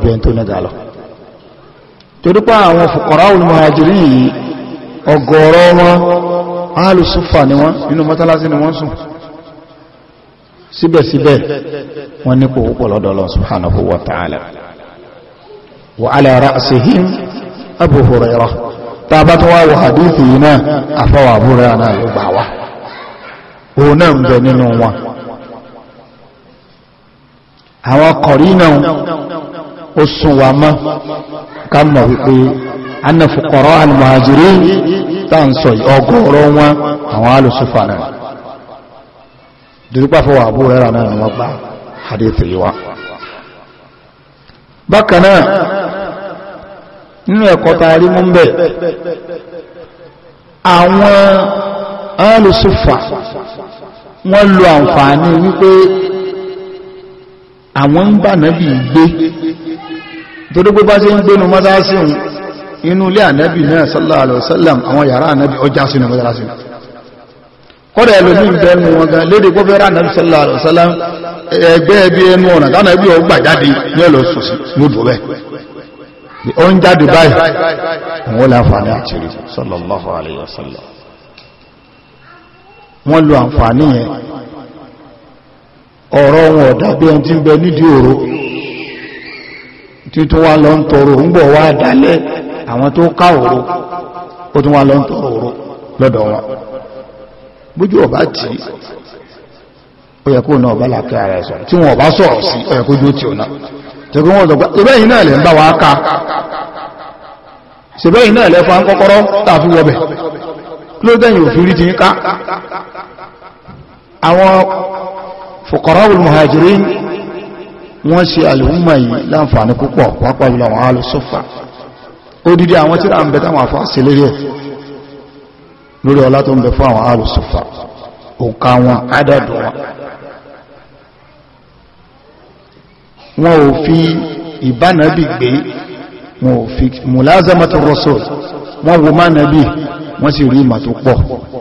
bí ẹni tó nígbà lọ torí àwọn fòkànrá olùmọ̀hajìrí yìí ọ̀gọ̀ọ̀rọ̀ wọn alùsùfà ni nínú mọ́tálásí ni wọ́n sùn síbẹ̀síbẹ̀ wọ́n nípò púpọ̀ lọ́dọ̀ ọlọ́run tá a bá tó wá wọ hadith yìí náà àfọwọ́ àbúrò náà ló gbà wá òun náà ń bẹ nínú wọn àwọn kọ̀rí náà ó sún wa mọ́ ká mọ̀ wípé anàfùkọ̀rọ̀ alìmọ̀hajìrí tá ń sọ ọgọ́rọ̀ wọn àwọn alùsùfà náà dìrúpà fọwọ́ àbúrò náà ni wọ́n yìí wá bákan náà nínú ẹ̀kọ́ ta rí mú bẹ̀ àwọn alùsùfà wọ́n lo àǹfààní wípé àwọn ń bà náàbì gbé torí bá ṣe ń gbénu mọ́sáàsì inú ilé ànábì náà sallallahu àwọn yàrá ànábì ọjà sínú mọ́sáàsì kọ́dà ẹlòmí ìbẹ̀nu wọn gan lédè gbọ́fẹ́ rà ànábì sallallahu ẹgbẹ́ ẹbí ẹnu ọ̀nà tánàbí ọgbà jáde ní bẹ́ẹ̀ ó ń jáde báyìí wọ́n láǹfààní àtìrí sallallahu alayhi wa sallam wọ́n lo àǹfààní yẹn ọ̀rọ̀ wọn ọ̀dá bí ohun tí ń bẹ nídìí òru tí tó wá lọ ń tọrọ ń bọ̀ wá dálẹ̀ àwọn tó ká òru ó tún wá lọ ń tọrọ òru lọ́dọ̀ wọn bójú ọ̀bá tí ó yẹ kó náà ọ̀bá làkẹ́ ara ẹ̀ sọ̀rọ̀ tí wọn ọ̀bá sọ̀rọ̀ sí ó yẹ kójú ó tì ó náà tẹ̀kún wọ́n sọ̀gbá ìbẹ́yìn náà lẹ̀ ń bá wa ká ṣẹ̀bẹ́yìn náà lẹ́ fún kọ́kọ́rọ́ tààfin wọ́bẹ̀ klóòdẹ́yìn òfin rí ti ń ká àwọn fuqara'ul muhajirin wọ́n ṣe àlùmọ̀ yìí láǹfààní púpọ̀ pàápàá jùlọ àwọn alùsọ́fà odidi àwọn tíra ń bẹ táwọn afọ́ àṣẹlérí ẹ̀ lórí ọlá tó ń bẹ fún àwọn alùsọ́fà òkà wọn ádàdù wọn wọn ò fi ìbánàbì gbé wọn ò fi mùlázamatu rasul wọn wo máa nàbí wọ́n sì rí ìmà tó pọ̀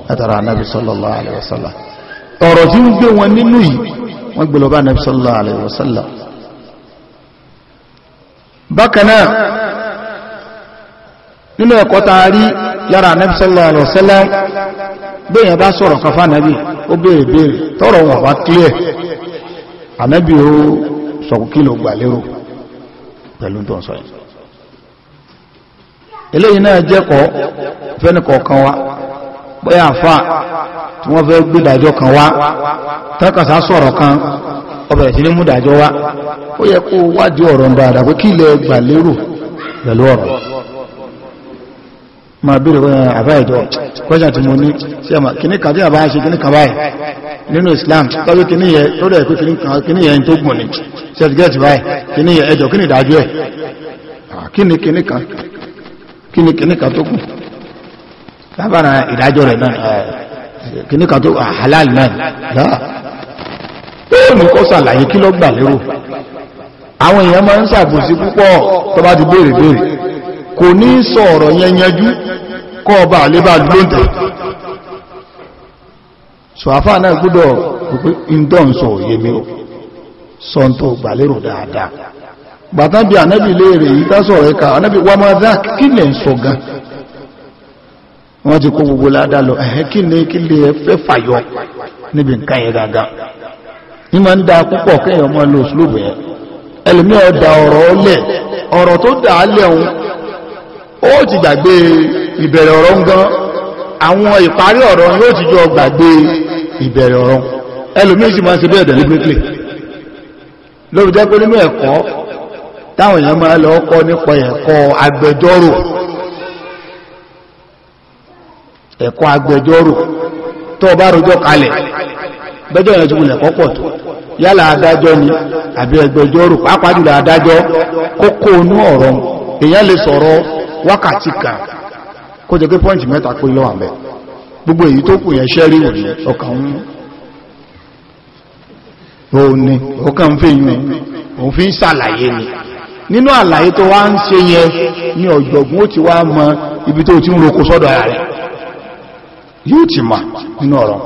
látara anábì sallallahu alaihi wasallam ọ̀rọ̀ tí ń gbé wọn nínú yìí wọ́n gbé lọ bá anábì sallallahu alaihi wasallam bákanáà nínú ẹ̀kọ́ ta rí lára anábì sallallahu alaihi wasallam bẹ́yàn bá sọ̀rọ̀ kan fánàbì ó béèrè béèrè tọ́rọ̀ wọn bá clear anábì ó sọkún kí ló gbà lérò pẹ̀lú tó ń sọ yìí eléyìí náà jẹ́kọ̀ọ́ fẹ́nìkọ̀ọ̀kan wa bóyá tí wọ́n fẹ́ gbídàjọ́ kan wá tákàsá sọ̀rọ̀ kan ọbẹ̀ sí ní wá ó yẹ kó ọ̀rọ̀ ń kí ilẹ̀ ọ̀rọ̀ ma bèèrè wọ́n ah, àbá ìjọ kọ́jà tí mo ní sí ẹmà kìní kàbí àbá ṣe kìní kàbá ẹ̀ nínú Islam tọ́bí kìní yẹ tó rẹ̀ pé kìní yẹ tó gùn ní sẹ́tìgẹ́tì báyìí kìní yẹ ẹjọ́ kìní ìdájú ẹ̀ ah, kìní kìní kan kìní kìní kan tó gùn lábára ìdájọ́ rẹ̀ náà eh, kìní kan tó ah, halal náà dáa ó ní kó sàlàyé kí ló lérò àwọn èèyàn máa ń ṣàbòsí púpọ̀ tó bá ti béèrè béèrè kò ní sọ ọ̀rọ̀ yẹn yanjú kọ́ ọba àlébà lóǹtẹ̀ so àfá náà gúdọ̀ pípé indọ́n sọ òye mi sọ tó gbàlérò dáadáa gbàtàbí ànábì léèrè yìí tásọ̀rọ̀ ẹka ànábì wà máa dá kí lẹ̀ sọ gan wọ́n ti kó gbogbo ládá lọ ẹ̀hẹ́ kí ní kí lè fẹ́ fàyọ níbi nǹkan yẹn ní ń da púpọ̀ kẹ́yàn mọ́ lọ òṣùlùbù ya ẹlòmí ọ̀rọ̀ ọ̀rọ̀ tó dà á lẹ̀ ó ti gbàgbé ìbẹ̀rẹ̀ ọ̀rọ̀ ń gan àwọn ìparí ọ̀rọ̀ yóò ti jọ gbàgbé ìbẹ̀rẹ̀ ọ̀rọ̀ ẹlòmíì sì máa ń ṣe bẹ́ẹ̀ lórí jẹ́ pé nínú ẹ̀kọ́ táwọn èèyàn máa lọ kọ́ nípa ẹ̀kọ́ agbẹjọ́rò ẹ̀kọ́ agbẹjọ́rò tó bá rojọ́ kalẹ̀ gbẹ́jọ́ ìrìn tó múlẹ̀ kọ́pọ̀ tó yálà adájọ́ ni àbí agbẹjọ́rò pàápàá jùlọ adájọ́ kókó inú èyàn lè sọ̀rọ̀ wákàtí ka kó jẹ́ pé pọ́ǹtì mẹ́ta lọ́wọ́ àbẹ̀ gbogbo èyí tó kù yẹn ṣẹ́rí òní ọkàn òní ọkàn fi òun fi ń alaye ni nínú àlàyé tó wá ń se yẹn ní ọ̀jọ̀gbọ́n ó ti wá mọ ibi tó ti ń roko sọ́dọ̀ ara yóò ti mà nínú ọ̀rọ̀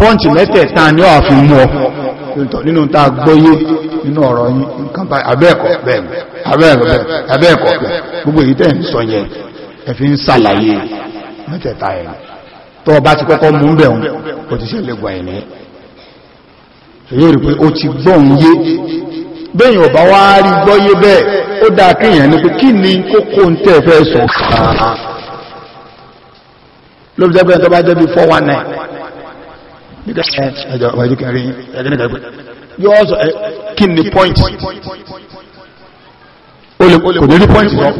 pọ́ǹtì mẹ́tẹ̀ẹ̀ta ni ó fi mú ọ nínú tá gbọ́yé nínú ọ̀rọ̀ yín nǹkan bá abẹ́ẹ̀kọ́ abẹ́ẹ̀kọ́ gbogbo èyí tẹ́ ń sọ yẹn ẹ ń ṣàlàyé mẹ́tẹ̀ẹ̀ta yẹn tó o bá ti kọ́kọ́ mú bẹ̀ òun ó ti ṣẹlẹ̀ gbà ẹ̀ ní èyí rí pé ó ti gbọ́n yé bẹ́yìn ọ̀bá wá rí gbọ́yé bẹ́ẹ̀ ó dáa kéèyàn ní pé kí ni kókó ń tẹ́ fẹ́ sọ fàá lóbi jẹ́ bẹ́ẹ̀ tó bá jẹ́ bí 419 yóò sọ ẹ kí ni point o lè kò ní rí point lọ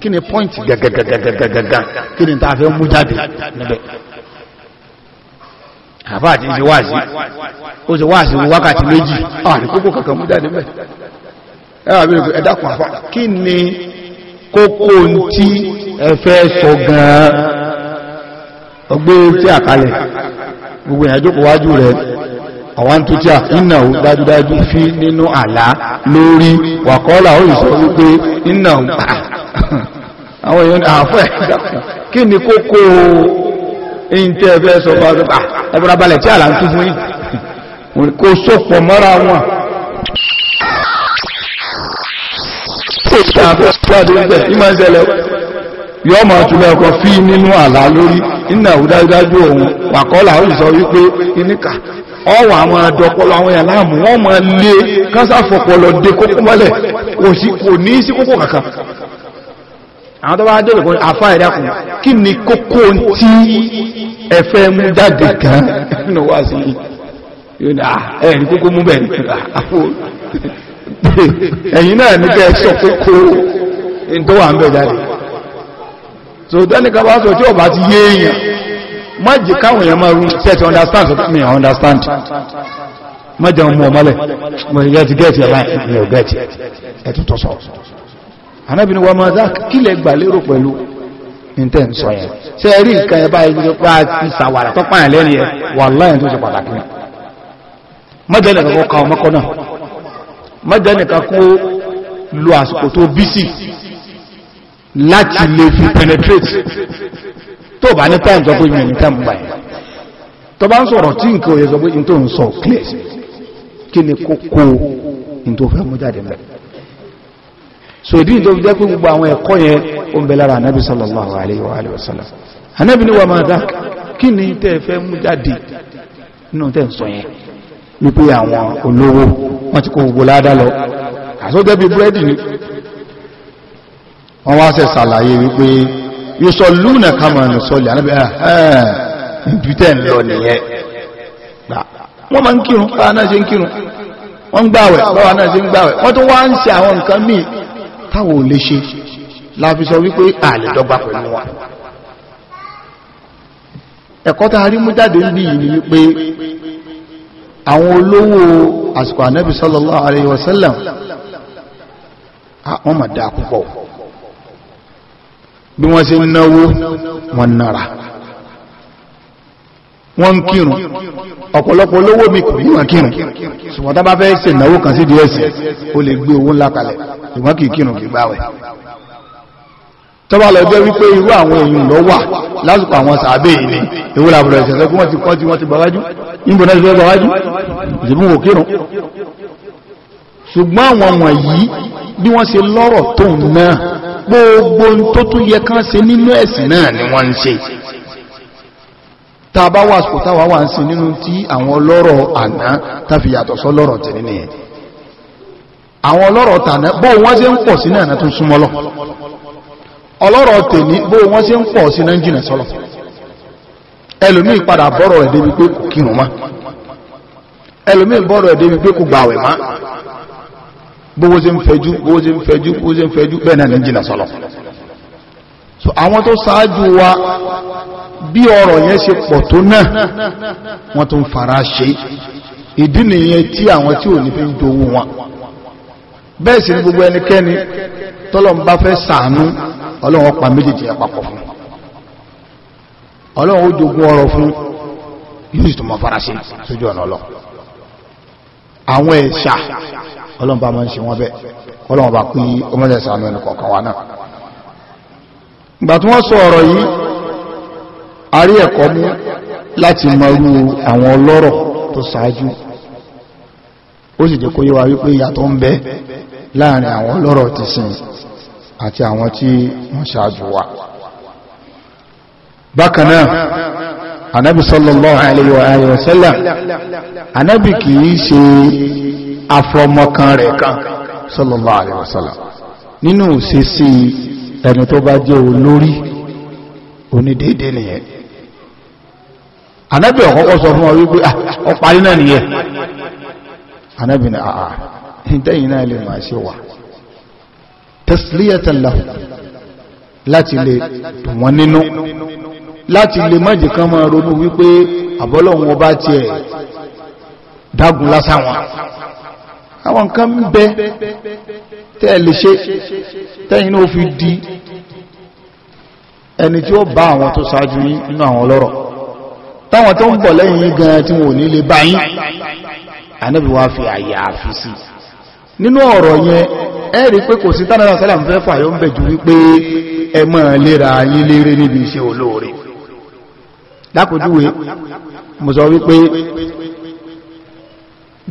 kí point gàgàgàgàgàgà kí ni ta fẹ́ mú jáde níbẹ̀ àbá àti ìṣe wáàsí ó ṣe wáàsí wákàtí méjì àrí kókó kankan mú jáde mẹ́ ẹwà bí i ẹ̀dàkùn àfá kí ni kókó tí ẹ fẹ́ sọ gan-an ọgbé tí a kalẹ̀ gbogbo ìyàjókò wájú rẹ̀ àwọn tó tí a iná ò dájúdájú fi nínú àlá lórí wàkọ́lá ó ìsọ wípé iná ò pàá àwọn èèyàn àfẹ́ kí ni kókó ìntẹ́ ẹgbẹ́ sọ bá ẹgbẹ́ra balẹ̀ tí àlá ń tún fún yìí kò sópọ̀ mọ́ra wọn ìmọ̀ ìṣẹ̀lẹ̀ yọ́ mọ̀ túnlẹ̀ ọkọ̀ fí nínú àlá lórí iná ìdájú òun wàkọ́là ó sọ wípé iníkà ọwọ́ àwọn àdọ́pọ̀lọ àwọn èèyàn láàmù wọ́n mọ̀ lé kásáfọ̀pọ̀lọ dé kókó mọ́lẹ̀ kò ní sí kókó kankan àwọn tó bá dé ìkọ̀ni àfá ìdákùn kí ni kókó tí ẹfẹ́ mú jáde kan nínú wá sí ẹ̀rí kókó mú bẹ̀rẹ̀ ẹ̀yìn náà ní kẹ́ sọ kókó tó wà ń bẹ̀ jáde so tẹ́nìkan bá sọ tí ó bá ti yé èèyàn májì káwọn èèyàn máa rú tẹ́ ti understand so mi understand májì àwọn ọmọ ọmọlẹ̀ mo yẹ ti gẹ́ẹ̀tì ẹ̀bá ilẹ̀ ò gẹ́ẹ̀tì ẹ̀tù tọ́ sọ anábìnrin wa máa dá kílẹ̀ gbà lérò pẹ̀lú intent sọ yẹn ṣe rí nǹkan ẹ̀bá ẹni pa ti sàwàrà tó pààyàn lẹ́nu yẹn wà láyẹn tó ṣe pàtàkì náà májì ẹnì kan kọ́ ọmọkọ náà májì ẹnì kan kó lo àsìkò tó bísì láti lè fi penetrate tó bá ní time sọ pé mi ní time báyìí tó bá ń sọ̀rọ̀ tí nǹkan òye sọ pé n tó ń sọ clear kí ni kókó n tó fẹ́ mú jáde mẹ́ so ìdí tó fi jẹ́ pé gbogbo àwọn ẹ̀kọ́ yẹn ó ń bẹ lára anábì sallallahu alayhi wa alayhi wa sallam anábì ni wà máa dá kí ni tẹ́ fẹ́ mú jáde nínú tẹ́ ń sọ yẹn wípé àwọn olówó wọ́n ti kó gbogbo ládá lọ àsọjẹ́ bíi búrẹ́dì ni wọ́n wá sẹ̀ sàlàyé wípé yóò lúnà kàmàánù sọlẹ̀ ànábì ẹ̀ẹ́dùtẹ̀ ń lọ nìyẹn wọ́n máa ń kírun báwa náà ṣe ń kírun wọ́n ń gbàwẹ̀ wọ́n wá ń àwọn nǹkan míì táwọn ṣe wípé pẹ̀lú wa ẹ̀kọ́ a bí wọ́n ṣe náwó wọn nára wọ́n ń kírun ọ̀pọ̀lọpọ̀ olówó mi kò yíwọ̀n kírun ṣùgbọ́n tá bá fẹ́ ṣe náwó kan sí díẹ̀sì ó lè gbé owó ńlá kalẹ̀ ṣùgbọ́n kì í kírun kì í gbáwẹ̀ tọ́bà lọ wípé irú àwọn èèyàn lọ wà lásìkò àwọn sàábé ìní ewu làbùrọ̀ ìṣẹ̀ṣẹ́ kí wọ́n ti kọ́ tí wọ́n ti gbàwájú níbo náà ti fẹ́ gbàwájú ìṣẹ́bùn òkèrùn ṣùgbọ́n àwọn wọ̀nyí bí wọ́n ṣe lọ́rọ̀ tó náà gbogbo tó tún yẹ kán ṣe nínú ẹ̀sìn náà ni wọ́n ń ṣe tàbá wà sùpò táwà wà ń ṣe nínú tí àwọn ọlọ́rọ̀ àná tàfi yàtọ̀ sọ́lọ́rọ̀ tẹ̀lé nìyẹn àwọn ọlọ́rọ̀ tàná bó wọ́n ṣe ń pọ̀ sí náà tó súnmọ́ lọ ọlọ́rọ̀ tèmi bó wọ́n ṣe ń pọ̀ sí náà jìnà sọ́lọ̀ ẹlòmíì padà bọ́rọ̀ ẹ̀ débi pé kò kírun mọ́ ẹlòmíì bọ́rọ̀ ẹ̀ débi pé kò gbàwẹ̀ mọ́ bówó ṣe ń fẹjú bówó ṣe ń fẹjú bówó ṣe ń fẹjú bẹ́ẹ̀ náà ní jìnnà sọlọ so àwọn tó ṣáájú wa bí ọ̀rọ̀ yẹn ṣe pọ̀ tó náà wọ́n tó ń fara ṣe ìdí nìyẹn tí àwọn tí ò ní fi ń jowó wọn bẹ́ẹ̀ sì ni gbogbo ẹnikẹ́ni tọ́lọ́run bá fẹ́ ṣàánú ọlọ́run ó pa méjèèjì yẹn papọ̀ fún ọlọ́run ó jogún ọrọ̀ fún yóò sì tó mọ fara ṣe sójú ọ̀nà ọlọ́ àwọn ẹ̀ṣà ọlọ́run bá máa ń ṣe wọ́n bẹ́ẹ̀ ọlọ́run bá kú ọmọdé sànú ẹnì kọ̀ọ̀kan wa náà ìgbà tí wọ́n sọ ọ̀rọ̀ yìí a rí ẹ̀kọ́ mú láti mọ̀rú àwọn ọlọ́rọ̀ tó ṣáájú ó sì jẹ́ kó yé wa wípé ìyàtọ̀ ń bẹ láàrin àwọn ọlọ́rọ̀ ti sìn àti àwọn tí wọ́n ṣáájú wa bákanáà anábì sallallahu alayhi wa sallam anábì kìí ṣe afọmọkan rẹ̀ kan sallallahu alaihi nínú òṣèṣì ẹni tó bá jẹ́ olórí onídéédé nìyẹn anábì ọ̀kọ́kọ́ sọ fún ọ wípé ọparí ah, ah, náà nìyẹn anábì ní àà ah, ìtẹ́yìn náà lè máa ṣe wà tasliyatan lahu láti lè dùn wọ́n nínú láti lè mọ́jì kan máa ronú wípé àbọ́lọ́wọ́n bá tiẹ̀ dágun lásán wọn àwọn nǹkan ń bẹ tẹ́ ẹ lè ṣe tẹ́yìn náà fi di ẹni tí ó bá àwọn tó ṣáájú yín nínú àwọn ọlọ́rọ̀ táwọn tó ń bọ̀ lẹ́yìn yín gan tí wọn ò ní lè bá yín ànábì wá fi àyà àfi sí nínú ọ̀rọ̀ yẹn ẹ rí pé kò sí tánàlá sálàm fẹ́ fàyọ ń bẹ̀ ju wípé ẹ máa lera yín léré níbi iṣẹ́ olóore lákòójúwe mo sọ wípé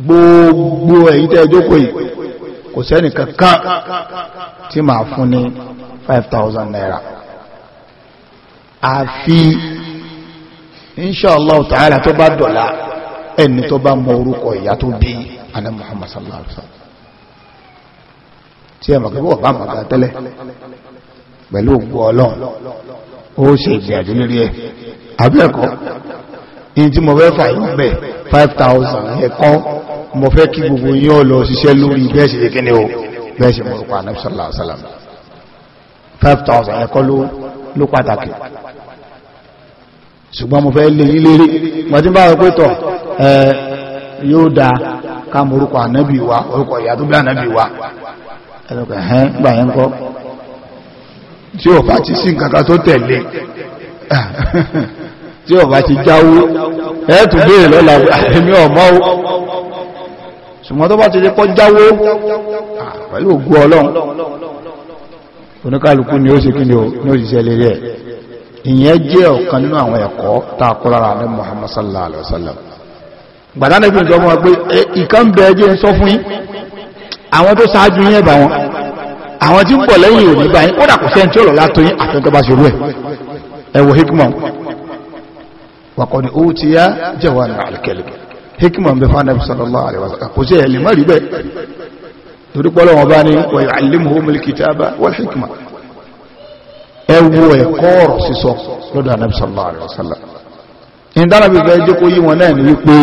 gbogbo ẹ̀yí tẹ́ jókòó yìí kò sẹ́ni kankan tí màá fún ní 5000 naira àfi inṣàlá ta'ala tó bá dọ̀lá ẹni tó bá mọ orúkọ ìyá tó bí àná Muhammad sallallahu alaihi wasallam tí ẹmọ̀ kẹfọ́ bá mọ̀ tẹ́lẹ̀ pẹ̀lú ògbò ọlọ́run ó ṣe ìgbìyànjú lórí ẹ̀ abẹ́ẹ̀kọ́ in tí mo fẹ́ fàyọ̀ bẹ̀ 5,000 ẹ̀kọ́ mo fẹ́ kí gbogbo yín ó lọ ṣiṣẹ́ lórí bẹ́ẹ̀ṣì lè kíni o bẹ́ẹ̀ṣì mọ̀rùpá anẹ́bísọ́lá sálàm 5,000 ẹ̀kọ́ ló pàtàkì ṣùgbọ́n mo fẹ́ lè iléré mọ̀tí bá rẹ̀ pẹ́tọ̀ yóò dá ká mọ̀rùpá anẹ́bí tí ò bá ti sí nǹkan kan tó tẹ̀lé tí ọba ti jáwó ẹ̀ẹ́tù bèèrè lọ́la àmì ah, ọmọ o ṣùgbọ́n tó bá ti jẹ́pọ́ jáwó ah, pẹ̀lú ògú ọlọ́run oníkàlùkù ni ó sì kí ni ó ṣiṣẹ́ lérí ẹ̀ ìyẹn jẹ́ ọ̀kan nínú àwọn ẹ̀kọ́ tá ní Muhammad sallallahu alaihi wasallam gbàdánà fi ìjọba wọn pé eh, ìkan bẹ ẹjẹ́ ń sọ fún yín àwọn tó ṣáájú yín ẹ̀bà wọn àwọn tí wàkọ̀dì owó ti yá jẹ́wà ní alkẹ́lẹ̀ hikima ń bẹ fún anabi sallallahu alaihi wasallam kò sí ẹ̀lì mọ́rí bẹ́ẹ̀ torí pọ́lọ́ wọn bá ní wa yu'allimuhu al-kitaba wal hikima ẹ wo ẹ̀kọ́ ọ̀rọ̀ sísọ lọ́dọ̀ anabi sallallahu alaihi wasallam ìdára bí bẹ́ẹ̀ jókòó yí wọn náà ní wípé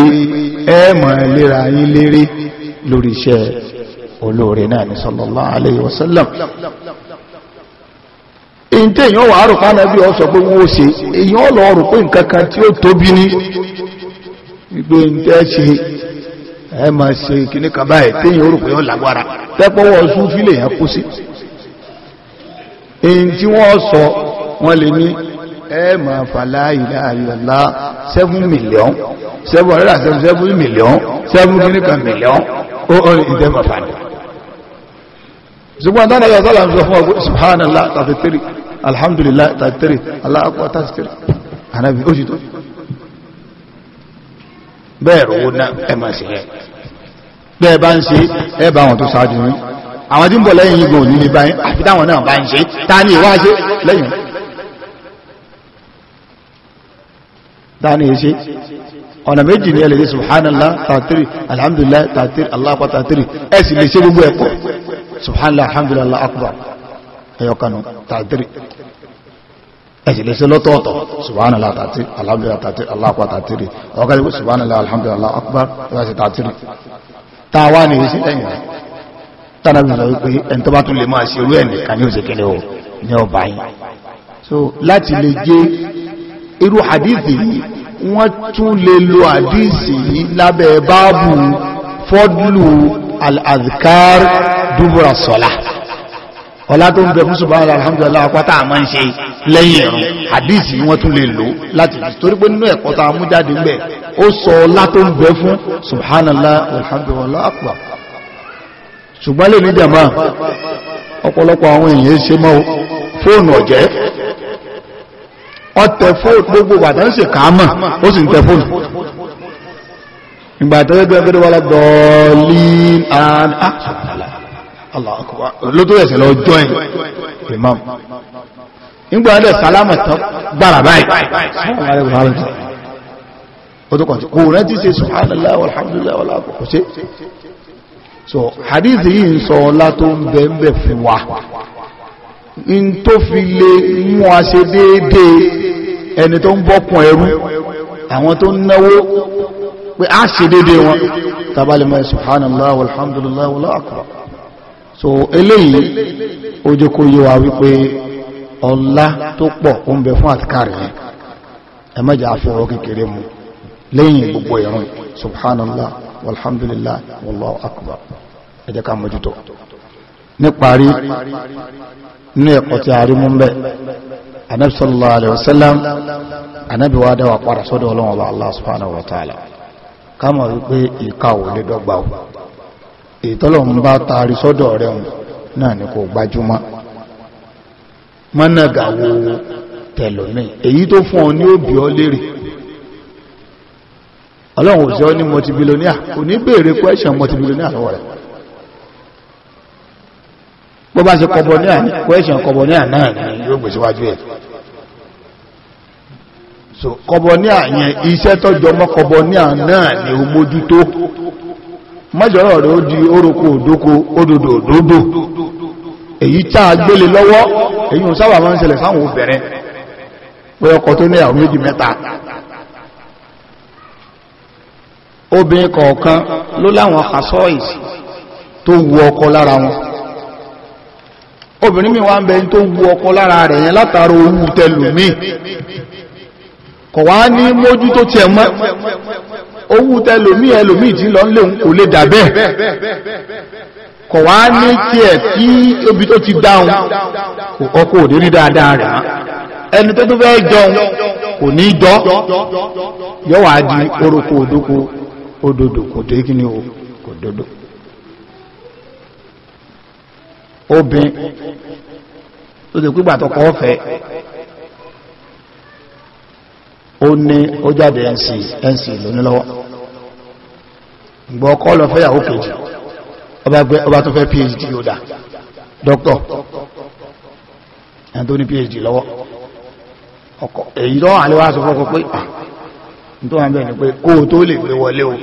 ẹ mọ̀ lera yín léré lórí iṣẹ́ olóore náà ní sallallahu alaihi wasallam ìntẹ́ èyàn wà rò fánà bí ọ sọ pé wọ́n ó ṣe èyàn lọ rò pé nǹkan kan tí ó tóbi ní gbogbo ìntẹ́ ṣe ẹ ma ṣe kìíní kan báyìí téèyàn rò pé ó lágbára tẹ́pọ̀wọ́ sún fílẹ̀ yẹn kú sí èyí tí wọ́n sọ wọ́n lè ní ẹ ma fàlà ìlàlá 7 million 777 million 7 kìíní kan million ó ìtẹ́ ma fàlà ṣùgbọ́n tánà yà sálà ń sọ fún ọgbọ́n subhanallah tàfitiri alhamdulillah tàfitiri aláàkọ́ tàfitiri anábi ó ti tó bẹ́ẹ̀ rọ̀wọ́ náà ẹ máa ṣe ẹ bẹ́ẹ̀ bá ń ṣe ẹ bá wọn tó ṣáájú yín àwọn tí ń bọ̀ lẹ́yìn igun òní ní báyìí àfi táwọn náà bá ń ṣe ta ni ìwá ṣe lẹ́yìn ta ọ̀nà méjì ní ẹlẹ́dẹ́ subhanallah tàfitiri alhamdulillah tàfitiri aláàkọ́ tàfitiri ẹ lè ṣe gbogbo ẹ̀kọ́ subhanallah alhamdulillah akbar ẹyọkanu tàtírì ẹ̀sìlẹ̀ sí lọ́tọ̀ọ̀tọ̀ subhanallah tàtírì alhamdulillah tàtírì aláàpá tàtírì ọkàlẹ̀ wí subhanallah alhamdulillah akbar ẹ̀sì tàtírì tàwa ni ìrísí ẹ̀yìn rẹ̀ tánà bí sọ wípé ẹni tó bá tún lè máa ṣe irú ẹ̀nì kan ní o ní ọba yìí so láti lè jẹ́ irú hadithi yìí wọ́n tún lè lo hadithi yìí lábẹ́ báàbù al-adhkar dubura sọ́lá ọlá tó ń bẹ fún subhanallah alhamdulillah apáta àmọ́ ń ṣe lẹ́yìn ẹ̀rùn hadisi wọ́n tún lè lò láti fi torí pé nínú ẹ̀kọ́ ta mú jáde ń bẹ ó sọ ọlá tó ń bẹ fún subhanallah alhamdulillah akbar ṣùgbọ́n lè ní jàmá ọ̀pọ̀lọpọ̀ ìgbà tó yẹ pé wọ́n dọ̀ọ̀lì and lótó ẹ̀sẹ̀ lọ join imam ìgbà ọdẹ sálámà tán gbára báyìí ó tó kọ̀tí kò rántí ṣe subhanallah walhamdulillah wala so hadith yìí ń sọ ọlá tó ń bẹ ń bẹ fún wa in tó fi lè mú a ṣe déédéé ẹni tó ń bọ́kùn ẹrú àwọn tó ń náwó pé a ṣe dédé wọn tàbálẹ̀mọ́ subhanallah walhamdulillah wala akbar so eléyìí ó jẹ́ kó yé wa wípé ọlá tó pọ̀ ó ń bẹ fún àtikárì yẹn ẹ má jẹ́ àfihàn kékeré mu lẹ́yìn gbogbo ìrun subhanallah walhamdulillah wallahu akbar ká mójútó níparí nínú ẹ̀kọ́ tí a mú bẹ́ anabi sallallahu alaihi wasallam anabi wa dáwà para sọ́dọ̀ ọlọ́wọ́ Allah subhanahu wa ta'ala kámọ̀ wípé ìka ò lè dọ́gba ò ìtọ́lọ̀mù bá taari sọ́dọ̀ rẹ̀ hùn náà ni kò gbajúmọ́ mọ́nàgàwó tẹ̀lọ̀mí èyí tó fún ọ ní òbí ọ lérè ọlọ́run òṣìṣẹ́ ní multibilionaire kò ní béèrè question multibilionaire lọ́wọ́ rẹ̀ bó question kọbọ ní so kọbọníà yẹn iṣẹ́ tọ́jọ mọ́ kọbọníà náà ni ó mójútó mọ́jọ́rọ̀ rẹ̀ ó di oroko òdóko òdòdó òdòdó èyí tá a gbélé lọ́wọ́ èyí ò sábà máa ń sẹlẹ̀ sáwọn obìnrin pé tó ní àwọn méjì mẹ́ta obìnrin kọ̀ọ̀kan ló láwọn tó ọkọ lára wọn obìnrin mi wá ń bẹ tó wu ọkọ lára rẹ̀ yẹn owó tẹlùmí kọ̀ wá ní mójú tó tiẹ̀ mọ́ owó tẹlòmí ẹlòmí tí lọ lè ń kò lè dà bẹ́ẹ̀ kọ̀ obi tó ti dáhùn kò kọ́kọ́ òdé rí dáadáa rẹ̀ ẹni tó tó fẹ́ jọun kò ní jọ di orúkọ òdókò òdòdó kò dé kí ni kò dòdó obìn tó ti ó ní ó jáde nc nc lónílọ́wọ́ ìgbọ́ ọkọ́ lọ fẹ́yàwó kejì ọba tó fẹ́ phd ó dà dọ́kítọ̀ ẹni tó ní phd lọ́wọ́ ọkọ̀ èyí lọ́wọ́ àlewà sọ fọ́kọ́ pé tó wà ń bẹ̀ ni pé kó tó lè gbé wọlé o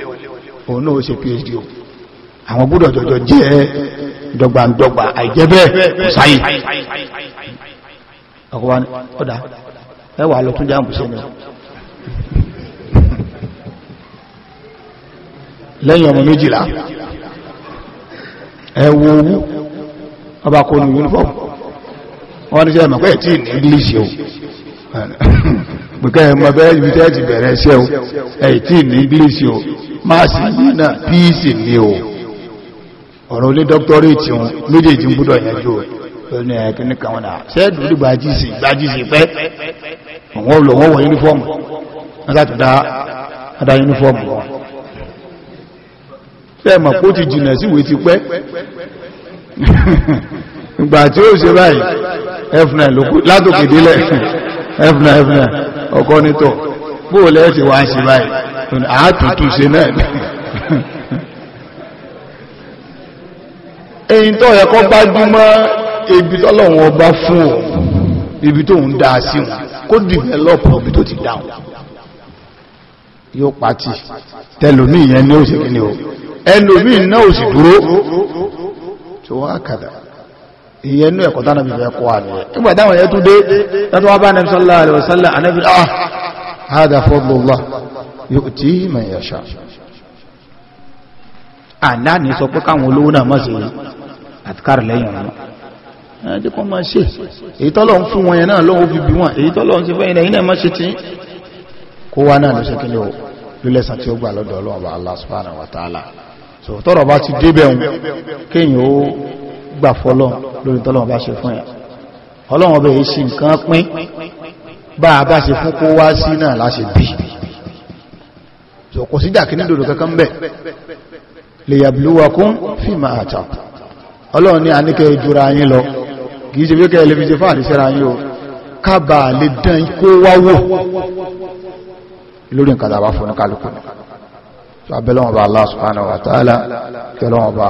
òun náà ó ṣe phd o àwọn gbọ́dọ̀ jọjọ jẹ́ dọ́gbandọ́gba àìjẹ́ bẹ́ẹ̀ sáyé ọkọ̀ wa ọ̀dà ẹwà lọ tún jáàmù sí ẹni lẹ́yìn ọmọ méjìlá ẹwọ owó ọba kò ní uniform wọ́n ní sẹ́mọ̀ pẹ́ tí ní English o pẹ̀kẹ́ ẹmọ bẹ́ẹ̀ ibi tẹ́ ti bẹ̀rẹ̀ ṣẹ́ o ẹ̀ tí ní English o máàsì nínà píìsì e ní o ọ̀rọ̀ olé dọ́kítọ́rẹ́tì wọn méjèèjì ń gbọ́dọ̀ yanjú pẹ̀lú ẹ̀kíní kan náà ṣẹ́ẹ̀dù gbájísì pẹ́ láti dá adá yúnífọ́ọ̀mù wọn ṣe mọ̀ kó ti jìnà síwé ti pẹ́ ìgbà tí ó ṣe báyìí f9 látòkè délẹ̀ f9 f9 ọkọ nítọ̀ bóòlẹ́ ti wá ń ṣe báyìí àátùtù ṣe náà èyí tó yẹ kó gbájúmọ́ ibi tọ́lọ̀wọ̀n ọba fún ọ ibi tó ń dáa sí wọn kó dìbẹ̀lọ́pù ibi tó ti dáa yóò pàtì tẹlomi yẹn ní òsì kìíní o ẹlòmí náà òsì dúró tí wọ́n kàdà ìyẹn ní ẹ̀kọ́ tánàbí fẹ́ kọ́ àníyẹ nígbà táwọn yẹn tún dé tátó wá bá nàbí sallallahu alaihi wasallam ànábì ah hada fadlullah yu'ti man yasha àná ní sọ pé káwọn olówó náà máa ṣe àtikárì lẹ́yìn ọ̀nà ẹ̀ẹ́dẹ́kọ́ máa ṣe èyí tọ́lọ́ ń fún wọn yẹn náà lọ́wọ́ fi bí wọn èyí tọ́lọ́ ń ṣe fẹ́yìn náà yìí náà ṣe tí kó wá náà ló ṣe kíni o tí ó gbà lọ́dọ̀ ọlọ́run bá Allah subhanahu wa ta'ala so tọ́rọ̀ bá ti débẹ̀ òun kéyìn ó gbà fọ́lọ́n lórí tọ́lọ́run bá ṣe fún ẹ̀ ọlọ́run ọbẹ̀ a bá ṣe so kò sí dàkí nídòdò kankan bẹ̀ lè yàbìlúwakún fíìmà àtà ọlọ́run ní àníkẹ́ ìjọra yín lọ kìí ṣe bí ó kẹ́ ẹlẹ́bí ṣe fáàrí síra yín o kábàá lè dán kó wá lórí nǹkan tàbá fún kálukú tó abẹ́lọ́wọ̀n bá Allah subhanahu wa ta'ala tẹ́lọ́wọ̀n bá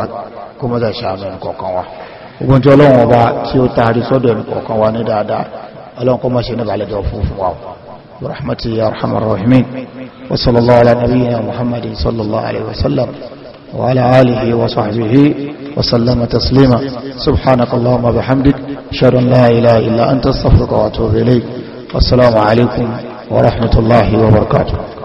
kọmọ́sà ṣàánú ẹnìkọ̀ọ̀kan wa ogun tí ọlọ́wọ̀n bá tí ó taari sọ́dọ̀ ẹnìkọ̀ọ̀kan wa ní dáadáa ọlọ́wọ̀n kọmọ́sà ní balẹ̀jọ fún fún wa rahmatu ya rahman rahimin wa sallallahu ala nabiyyina muhammadin sallallahu alaihi wa sallam wa ورحمة الله وبركاته